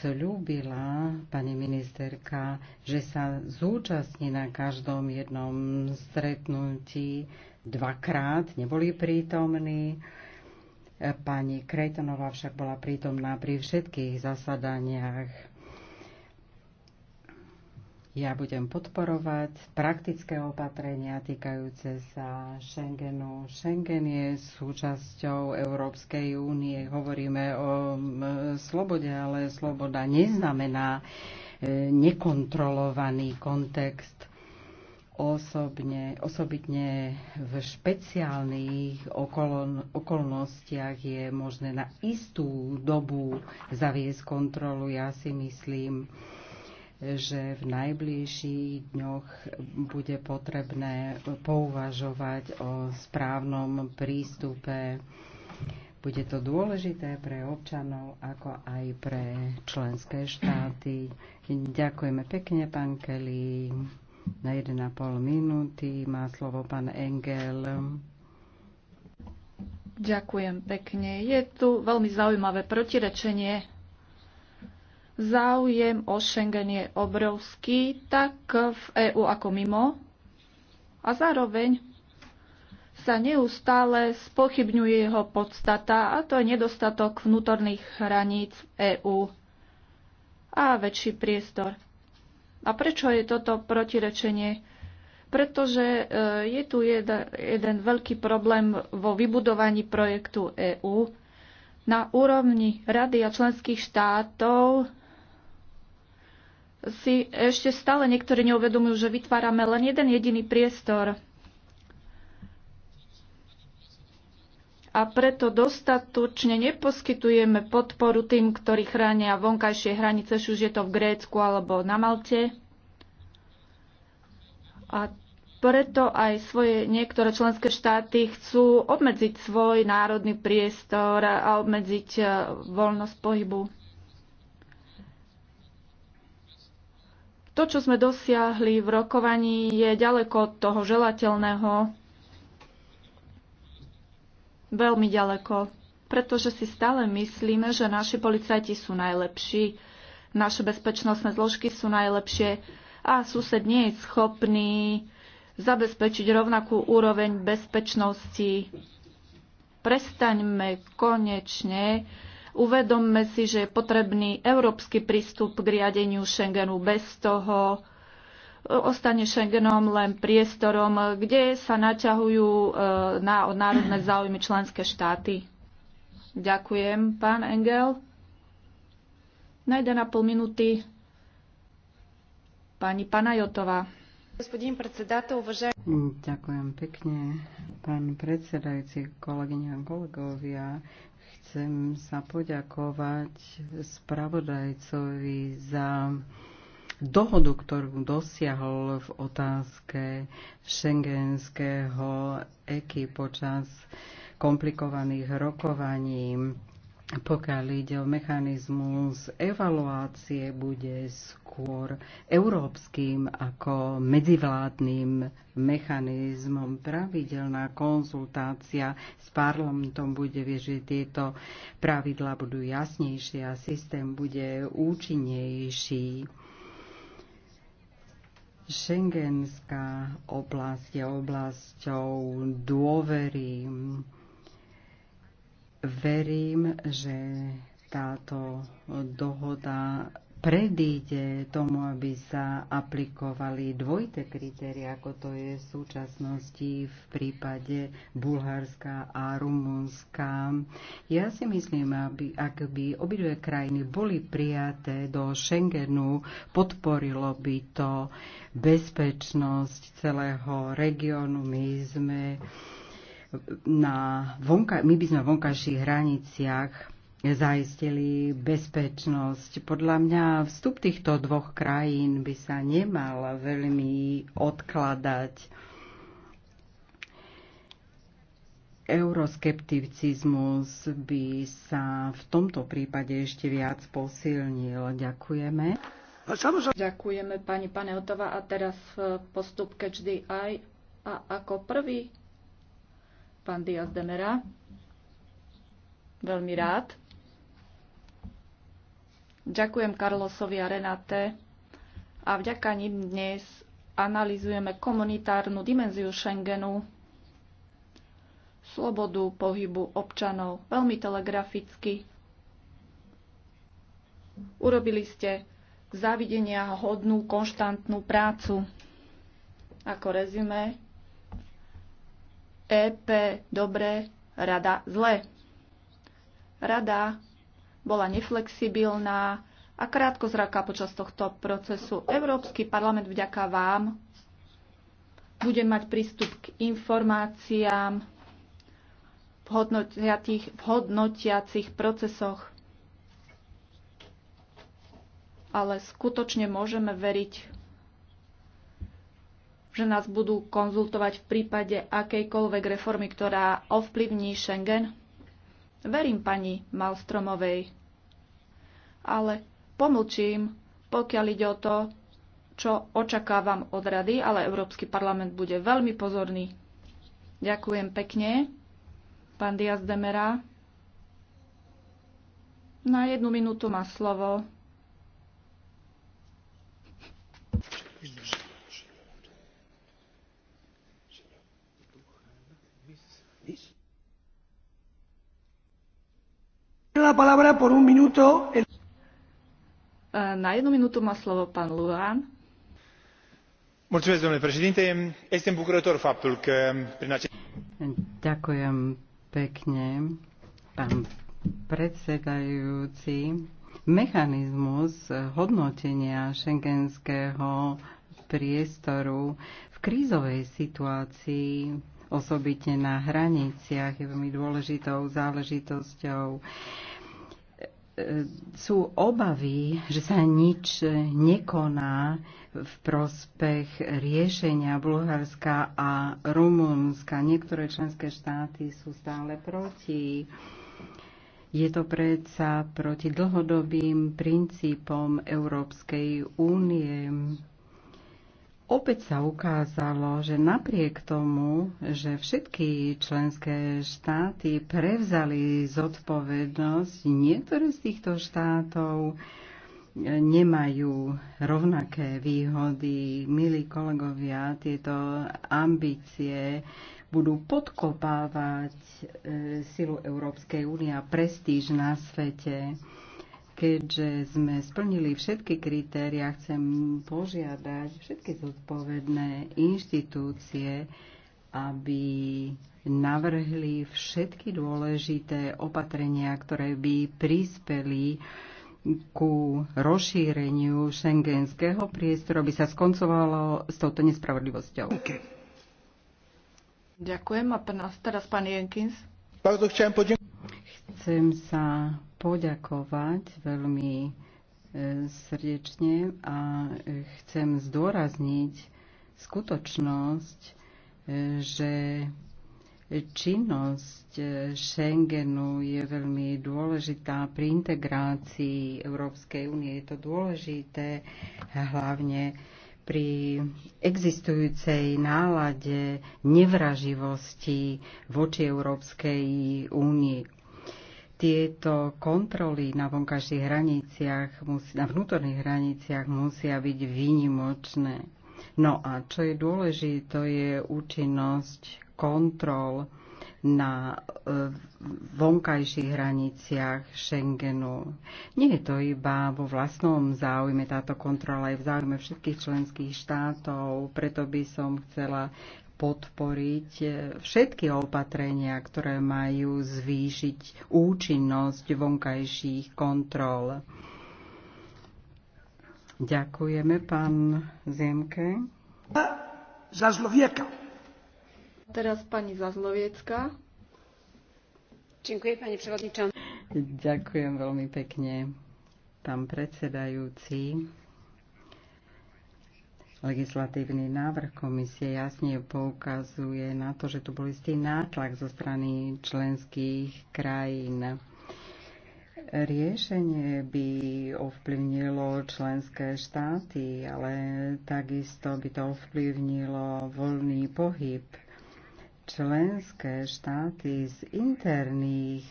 slúbila pani ministerka, že sa zúčastní na každom jednom stretnutí dvakrát, neboli prítomní. Pani Krejtonová však bola prítomná pri všetkých zasadaniach ja budem podporovať praktické opatrenia týkajúce sa Schengenu. Schengen je súčasťou Európskej únie. Hovoríme o slobode, ale sloboda neznamená e, nekontrolovaný kontext. Osobne, osobitne v špeciálnych okolon, okolnostiach je možné na istú dobu zaviesť kontrolu. Ja si myslím, že v najbližších dňoch bude potrebné pouvažovať o správnom prístupe. Bude to dôležité pre občanov, ako aj pre členské štáty. Ďakujeme pekne, pán Kelly. Na 1,5 minúty má slovo pán Engel. Ďakujem pekne. Je tu veľmi zaujímavé protirečenie záujem o Schengen je obrovský, tak v EÚ ako mimo. A zároveň sa neustále spochybňuje jeho podstata a to je nedostatok vnútorných hraníc EÚ a väčší priestor. A prečo je toto protirečenie? Pretože e, je tu jeden, jeden veľký problém vo vybudovaní projektu EÚ. Na úrovni Rady a členských štátov si ešte stále niektorí neuvedomujú, že vytvárame len jeden jediný priestor. A preto dostatočne neposkytujeme podporu tým, ktorí chránia vonkajšie hranice, či už je to v Grécku alebo na Malte. A preto aj svoje niektoré členské štáty chcú obmedziť svoj národný priestor a obmedziť eh, voľnosť pohybu. To, čo sme dosiahli v rokovaní, je ďaleko od toho želateľného. Veľmi ďaleko. Pretože si stále myslíme, že naši policajti sú najlepší, naše bezpečnostné zložky sú najlepšie a sused nie je schopný zabezpečiť rovnakú úroveň bezpečnosti. Prestaňme konečne Uvedomme si, že je potrebný európsky prístup k riadeniu Schengenu. Bez toho e, ostane Schengenom len priestorom, kde sa naťahujú e, na národné záujmy členské štáty. Ďakujem, pán Engel. Na 1,5 minúty pani Panajotová. Ďakujem pekne, pán predsedajúci, kolegyňa a kolegovia. Chcem sa poďakovať spravodajcovi za dohodu, ktorú dosiahol v otázke šengenského eky počas komplikovaných rokovaním pokiaľ ide o mechanizmus evaluácie, bude skôr európskym ako medzivládnym mechanizmom. Pravidelná konzultácia s parlamentom bude vieť, že tieto pravidla budú jasnejšie a systém bude účinnejší. Schengenská oblasť je oblasťou dôvery Verím, že táto dohoda predíde tomu, aby sa aplikovali dvojité kritéria, ako to je v súčasnosti v prípade Bulharska a Rumunska. Ja si myslím, aby, ak by obidve krajiny boli prijaté do Schengenu, podporilo by to bezpečnosť celého regiónu. My sme na vonka, my by sme v vonkajších hraniciach zaistili bezpečnosť. Podľa mňa vstup týchto dvoch krajín by sa nemal veľmi odkladať. Euroskepticizmus by sa v tomto prípade ešte viac posilnil. Ďakujeme. Ďakujeme pani Paneotová a teraz eh, postup Catch the Eye. A ako prvý pán Diaz Demera. Veľmi rád. Ďakujem Karlosovi a Renate a vďaka nim dnes analizujeme komunitárnu dimenziu Schengenu, slobodu pohybu občanov veľmi telegraficky. Urobili ste závidenia hodnú, konštantnú prácu. Ako rezume EP dobre, rada zle. Rada bola neflexibilná a krátko zraká počas tohto procesu. Európsky parlament vďaka vám bude mať prístup k informáciám v hodnotiacich, v hodnotiacich procesoch. Ale skutočne môžeme veriť že nás budú konzultovať v prípade akejkoľvek reformy, ktorá ovplyvní Schengen? Verím pani Malstromovej, ale pomlčím, pokiaľ ide o to, čo očakávam od rady, ale Európsky parlament bude veľmi pozorný. Ďakujem pekne, pán Diaz Demera. Na jednu minútu má slovo Eh, na jednu minútu má slovo pán Luhan. Mulțumesc, domnule președinte. Este îmbucurător faptul că prin acest... Ďakujem pekne, pán predsedajúci. Mechanizmus hodnotenia šengenského priestoru v krízovej situácii osobitne na hraniciach, je veľmi dôležitou záležitosťou sú obavy, že sa nič nekoná v prospech riešenia Bulharska a Rumunska. Niektoré členské štáty sú stále proti. Je to predsa proti dlhodobým princípom Európskej únie Opäť sa ukázalo, že napriek tomu, že všetky členské štáty prevzali zodpovednosť, niektoré z týchto štátov nemajú rovnaké výhody. Milí kolegovia, tieto ambície budú podkopávať eh, silu Európskej únie a prestíž na svete. Keďže sme splnili všetky kritéria, chcem požiadať všetky zodpovedné inštitúcie, aby navrhli všetky dôležité opatrenia, ktoré by prispeli ku rozšíreniu šengenského priestoru, aby sa skoncovalo s touto nespravodlivosťou. Okay. Ďakujem. A teraz pán Jenkins. Chcem sa poďakovať veľmi e, srdečne a chcem zdôrazniť skutočnosť, e, že činnosť e, Schengenu je veľmi dôležitá pri integrácii Európskej únie. Je to dôležité hlavne pri existujúcej nálade nevraživosti voči Európskej únii tieto kontroly na vonkajších hraniciach, na vnútorných hraniciach musia byť výnimočné. No a čo je dôležité, je účinnosť kontrol na e, vonkajších hraniciach Schengenu. Nie je to iba vo vlastnom záujme táto kontrola, aj v záujme všetkých členských štátov, preto by som chcela podporiť e, všetky opatrenia, ktoré majú zvýšiť účinnosť vonkajších kontrol. Ďakujeme, pán Zemke. zlovieka. Teraz pani Zazloviecka. Ďakujem, pani Ďakujem veľmi pekne, pán predsedajúci. Legislatívny návrh komisie jasne poukazuje na to, že tu bol istý nátlak zo strany členských krajín. Riešenie by ovplyvnilo členské štáty, ale takisto by to ovplyvnilo voľný pohyb. Členské štáty z interných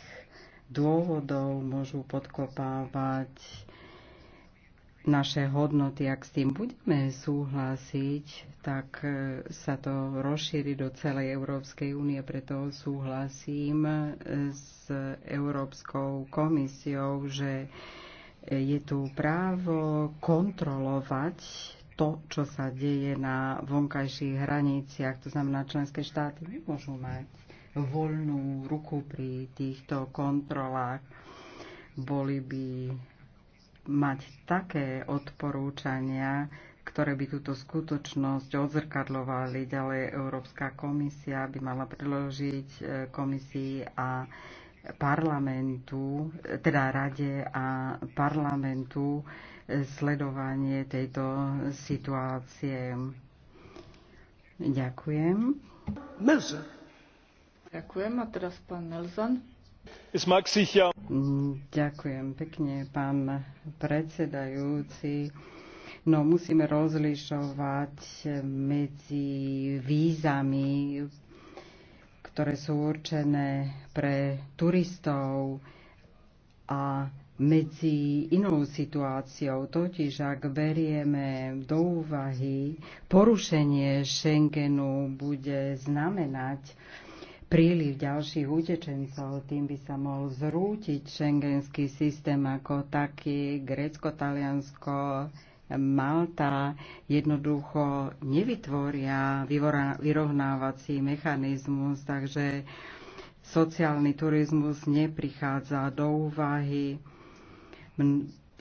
dôvodov môžu podkopávať naše hodnoty. Ak s tým budeme súhlasiť, tak e, sa to rozšíri do celej Európskej únie. Preto súhlasím e, s Európskou komisiou, že je tu právo kontrolovať to, čo sa deje na vonkajších hraniciach. To znamená, členské štáty nemôžu mať voľnú ruku pri týchto kontrolách. Boli by mať také odporúčania, ktoré by túto skutočnosť odzrkadlovali. Ďalej Európska komisia by mala predložiť e, komisii a parlamentu, teda rade a parlamentu e, sledovanie tejto situácie. Ďakujem. Ďakujem. A teraz pán Nelson. Ďakujem pekne, pán predsedajúci. No musíme rozlišovať medzi vízami, ktoré sú určené pre turistov a medzi inou situáciou, totiž ak berieme do úvahy, porušenie Schengenu bude znamenať príliv ďalších utečencov, tým by sa mohol zrútiť šengenský systém ako taký, Grécko, Taliansko, Malta jednoducho nevytvoria vyrovnávací mechanizmus, takže sociálny turizmus neprichádza do úvahy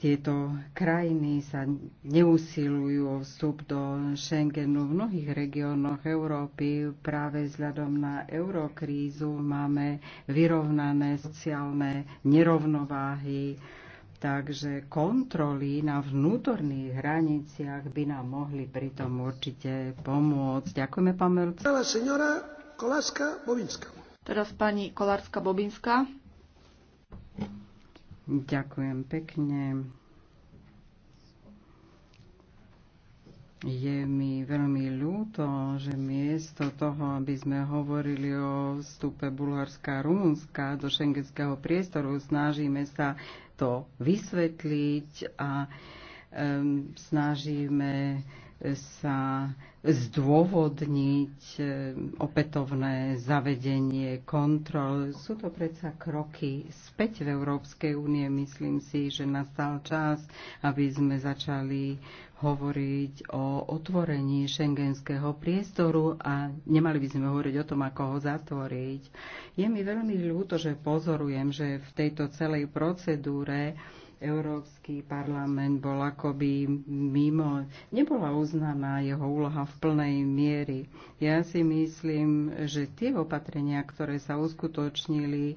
tieto krajiny sa neusilujú o vstup do Schengenu. V mnohých regiónoch Európy práve vzhľadom na eurokrízu máme vyrovnané sociálne nerovnováhy, takže kontroly na vnútorných hraniciach by nám mohli pritom určite pomôcť. Ďakujeme, pán Merc. Teraz pani Kolárska-Bobinská. Ďakujem pekne. Je mi veľmi ľúto, že miesto toho, aby sme hovorili o vstupe Bulharska a Rumunska do šengenského priestoru, snažíme sa to vysvetliť a um, snažíme sa zdôvodniť e, opätovné zavedenie kontrol. Sú to predsa kroky späť v Európskej únie. Myslím si, že nastal čas, aby sme začali hovoriť o otvorení šengenského priestoru a nemali by sme hovoriť o tom, ako ho zatvoriť. Je mi veľmi ľúto, že pozorujem, že v tejto celej procedúre Európsky parlament bol akoby mimo, nebola uznaná jeho úloha v plnej miery. Ja si myslím, že tie opatrenia, ktoré sa uskutočnili, e,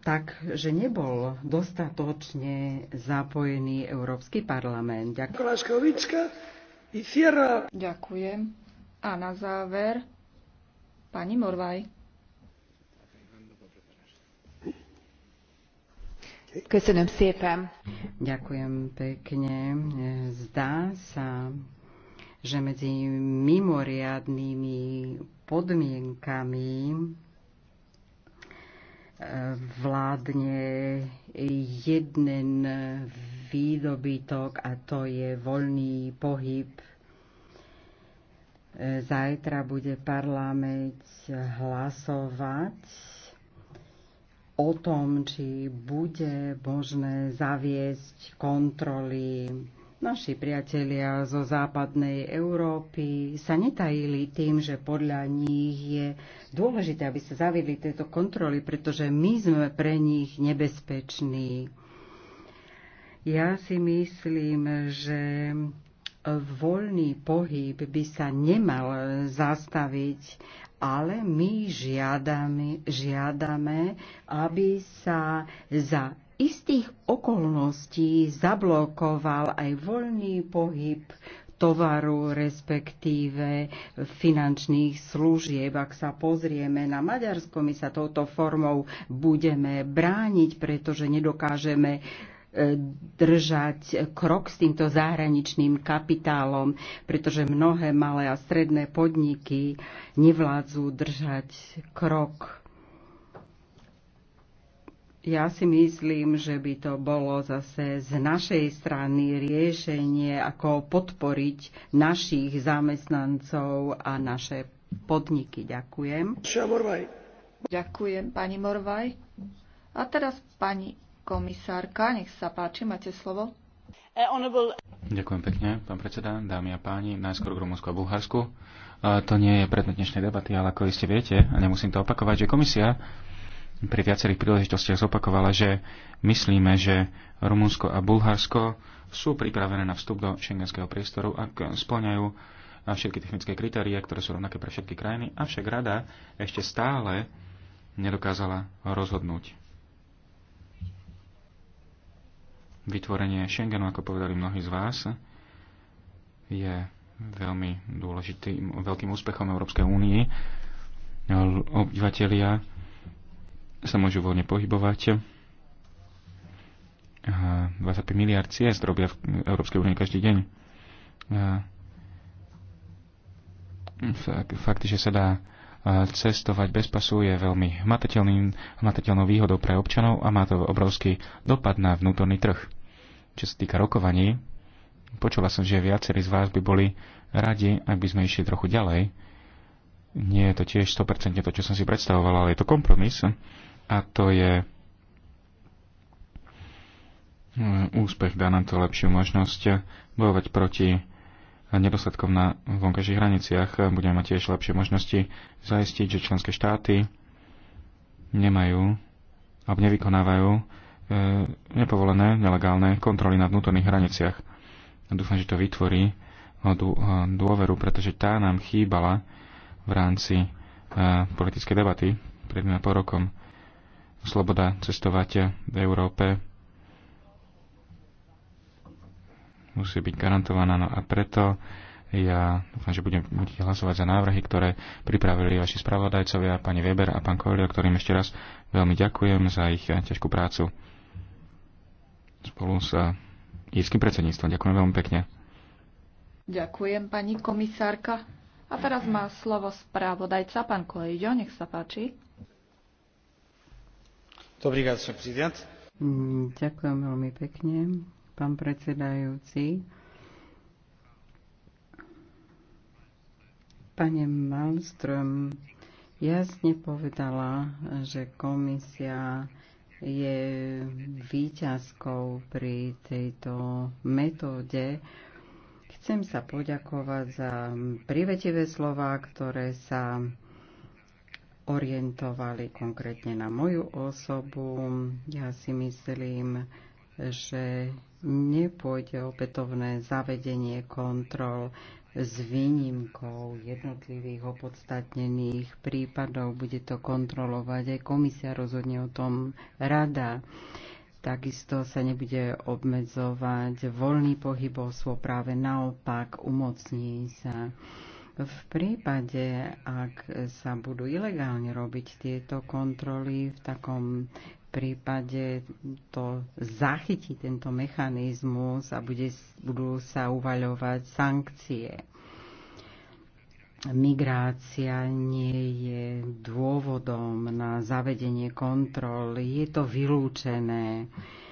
tak, že nebol dostatočne zapojený Európsky parlament. Ďakujem. Ďakujem. A na záver pani Morvaj. Köszönöm szépen. Ďakujem pekne. Zdá sa, že medzi mimoriadnými podmienkami eh, vládne jeden výdobytok a to je voľný pohyb. Eh, zajtra bude parlament hlasovať o tom, či bude možné zaviesť kontroly. Naši priatelia zo západnej Európy sa netajili tým, že podľa nich je dôležité, aby sa zaviedli tieto kontroly, pretože my sme pre nich nebezpeční. Ja si myslím, že voľný pohyb by sa nemal zastaviť ale my žiadame, žiadame aby sa za istých okolností zablokoval aj voľný pohyb tovaru, respektíve finančných služieb. Ak sa pozrieme na Maďarsko, my sa touto formou budeme brániť, pretože nedokážeme držať krok s týmto zahraničným kapitálom, pretože mnohé malé a stredné podniky nevládzu držať krok. Ja si myslím, že by to bolo zase z našej strany riešenie, ako podporiť našich zamestnancov a naše podniky. Ďakujem. Ďakujem, pani Morvaj. A teraz pani komisárka, nech sa páči, máte slovo. E, Ďakujem pekne, pán predseda, dámy a páni, najskôr k Rumunsku a Bulharsku. E, to nie je predmet dnešnej debaty, ale ako iste viete, a nemusím to opakovať, že komisia pri viacerých príležitostiach zopakovala, že myslíme, že Rumunsko a Bulharsko sú pripravené na vstup do šengenského priestoru, ak splňajú všetky technické kritéria, ktoré sú rovnaké pre všetky krajiny, avšak rada ešte stále nedokázala rozhodnúť. Vytvorenie Schengenu, ako povedali mnohí z vás, je veľmi dôležitým, veľkým úspechom Európskej únie. Obyvatelia sa môžu voľne pohybovať. 25 miliard ciest robia v Európskej únii každý deň. Fakt, že sa dá cestovať bez pasu je veľmi hmatateľnou výhodou pre občanov a má to obrovský dopad na vnútorný trh. Čo sa týka rokovaní, počula som, že viacerí z vás by boli radi, ak by sme išli trochu ďalej. Nie je to tiež 100% to, čo som si predstavoval, ale je to kompromis a to je mm, úspech dá nám to lepšiu možnosť bojovať proti nedostatkom na vonkajších hraniciach. Budeme mať tiež lepšie možnosti zaistiť, že členské štáty nemajú alebo nevykonávajú E, nepovolené nelegálne kontroly na vnútorných hraniciach. Dúfam, že to vytvorí e, dôveru, pretože tá nám chýbala v rámci e, politickej debaty pred dvoma po rokom. Sloboda cestovať v Európe musí byť garantovaná. No a preto ja dúfam, že budem, budete hlasovať za návrhy, ktoré pripravili vaši spravodajcovia, pani Weber a pán Kovlio, ktorým ešte raz veľmi ďakujem za ich ťažkú prácu spolu s írskym eh, predsedníctvom. Ďakujem veľmi pekne. Ďakujem, pani komisárka. A teraz má slovo správodajca, pán Kojiďo, nech sa páči. Dobrý deň, prezident. Mm, ďakujem veľmi pekne, pán predsedajúci. Pane Malmström jasne povedala, že komisia je výťazkou pri tejto metóde. Chcem sa poďakovať za privetivé slova, ktoré sa orientovali konkrétne na moju osobu. Ja si myslím, že nepôjde opätovné zavedenie kontrol s výnimkou jednotlivých opodstatnených prípadov. Bude to kontrolovať aj komisia, rozhodne o tom rada. Takisto sa nebude obmedzovať voľný pohyb osôb, práve naopak umocní sa. V prípade, ak sa budú ilegálne robiť tieto kontroly, v takom prípade to zachytí tento mechanizmus a bude, budú sa uvaľovať sankcie. Migrácia nie je dôvodom na zavedenie kontrol. Je to vylúčené. Uh,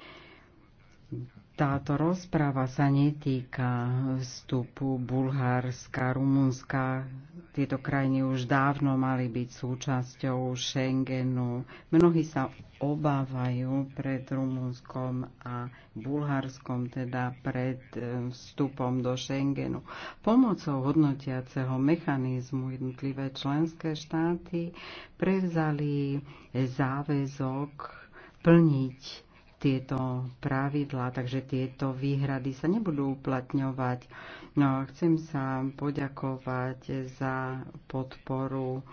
táto rozpráva sa netýka vstupu Bulharska, Rumunska. Tieto krajiny už dávno mali byť súčasťou Schengenu. Mnohí sa obávajú pred Rumunskom a Bulharskom, teda pred e, vstupom do Schengenu. Pomocou hodnotiaceho mechanizmu jednotlivé členské štáty prevzali záväzok plniť tieto pravidlá, takže tieto výhrady sa nebudú uplatňovať. No, chcem sa poďakovať za podporu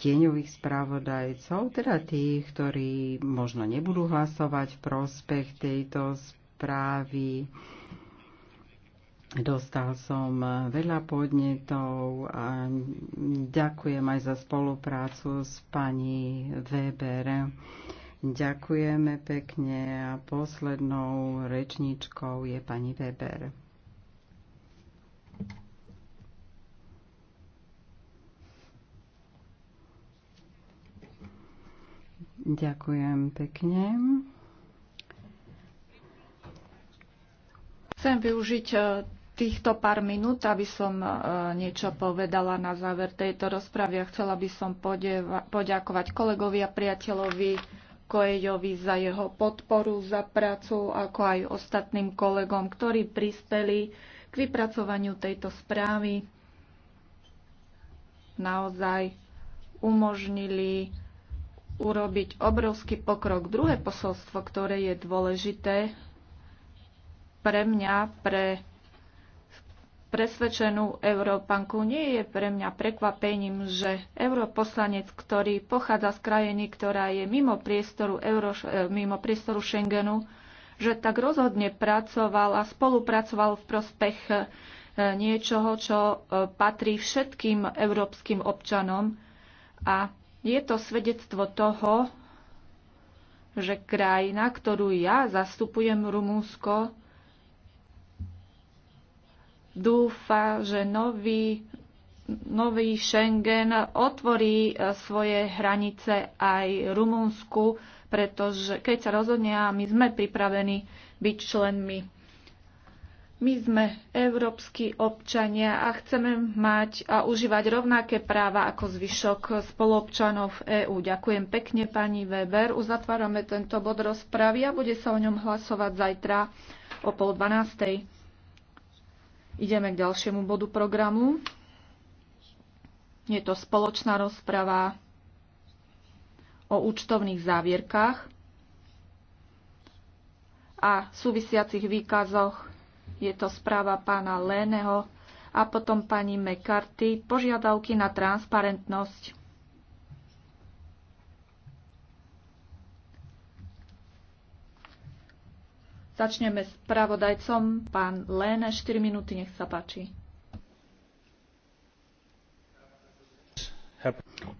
tieňových spravodajcov, teda tých, ktorí možno nebudú hlasovať v prospech tejto správy. Dostal som veľa podnetov a ďakujem aj za spoluprácu s pani Weber. Ďakujeme pekne a poslednou rečníčkou je pani Weber. Ďakujem pekne. Chcem využiť e, týchto pár minút, aby som e, niečo povedala na záver tejto rozpravy a chcela by som poďakovať kolegovi a priateľovi Koejovi za jeho podporu, za prácu, ako aj ostatným kolegom, ktorí prispeli k vypracovaniu tejto správy. Naozaj umožnili urobiť obrovský pokrok. Druhé posolstvo, ktoré je dôležité pre mňa, pre presvedčenú Európanku. Nie je pre mňa prekvapením, že europoslanec, ktorý pochádza z krajiny, ktorá je mimo priestoru, Euro, e, mimo priestoru Schengenu, že tak rozhodne pracoval a spolupracoval v prospech e, niečoho, čo e, patrí všetkým európskym občanom. A je to svedectvo toho, že krajina, ktorú ja zastupujem, Rumúnsko, dúfa, že nový, nový Schengen otvorí e, svoje hranice aj Rumunsku, pretože keď sa rozhodne, my sme pripravení byť členmi. My sme európsky občania a chceme mať a užívať rovnaké práva ako zvyšok spoluobčanov EÚ. Ďakujem pekne pani Weber. Uzatvárame tento bod rozpravy a bude sa o ňom hlasovať zajtra o pol dvanástej. Ideme k ďalšiemu bodu programu. Je to spoločná rozprava o účtovných závierkách a súvisiacich výkazoch. Je to správa pána Léneho a potom pani McCarthy požiadavky na transparentnosť. Začneme s pravodajcom, pán Léne, 4 minúty, nech sa páči.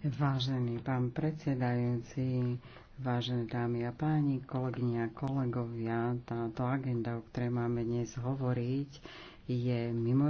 Vážený pán predsedajúci, vážené dámy a páni, kolegyne a kolegovia, táto agenda, o ktorej máme dnes hovoriť, je mimoriadná.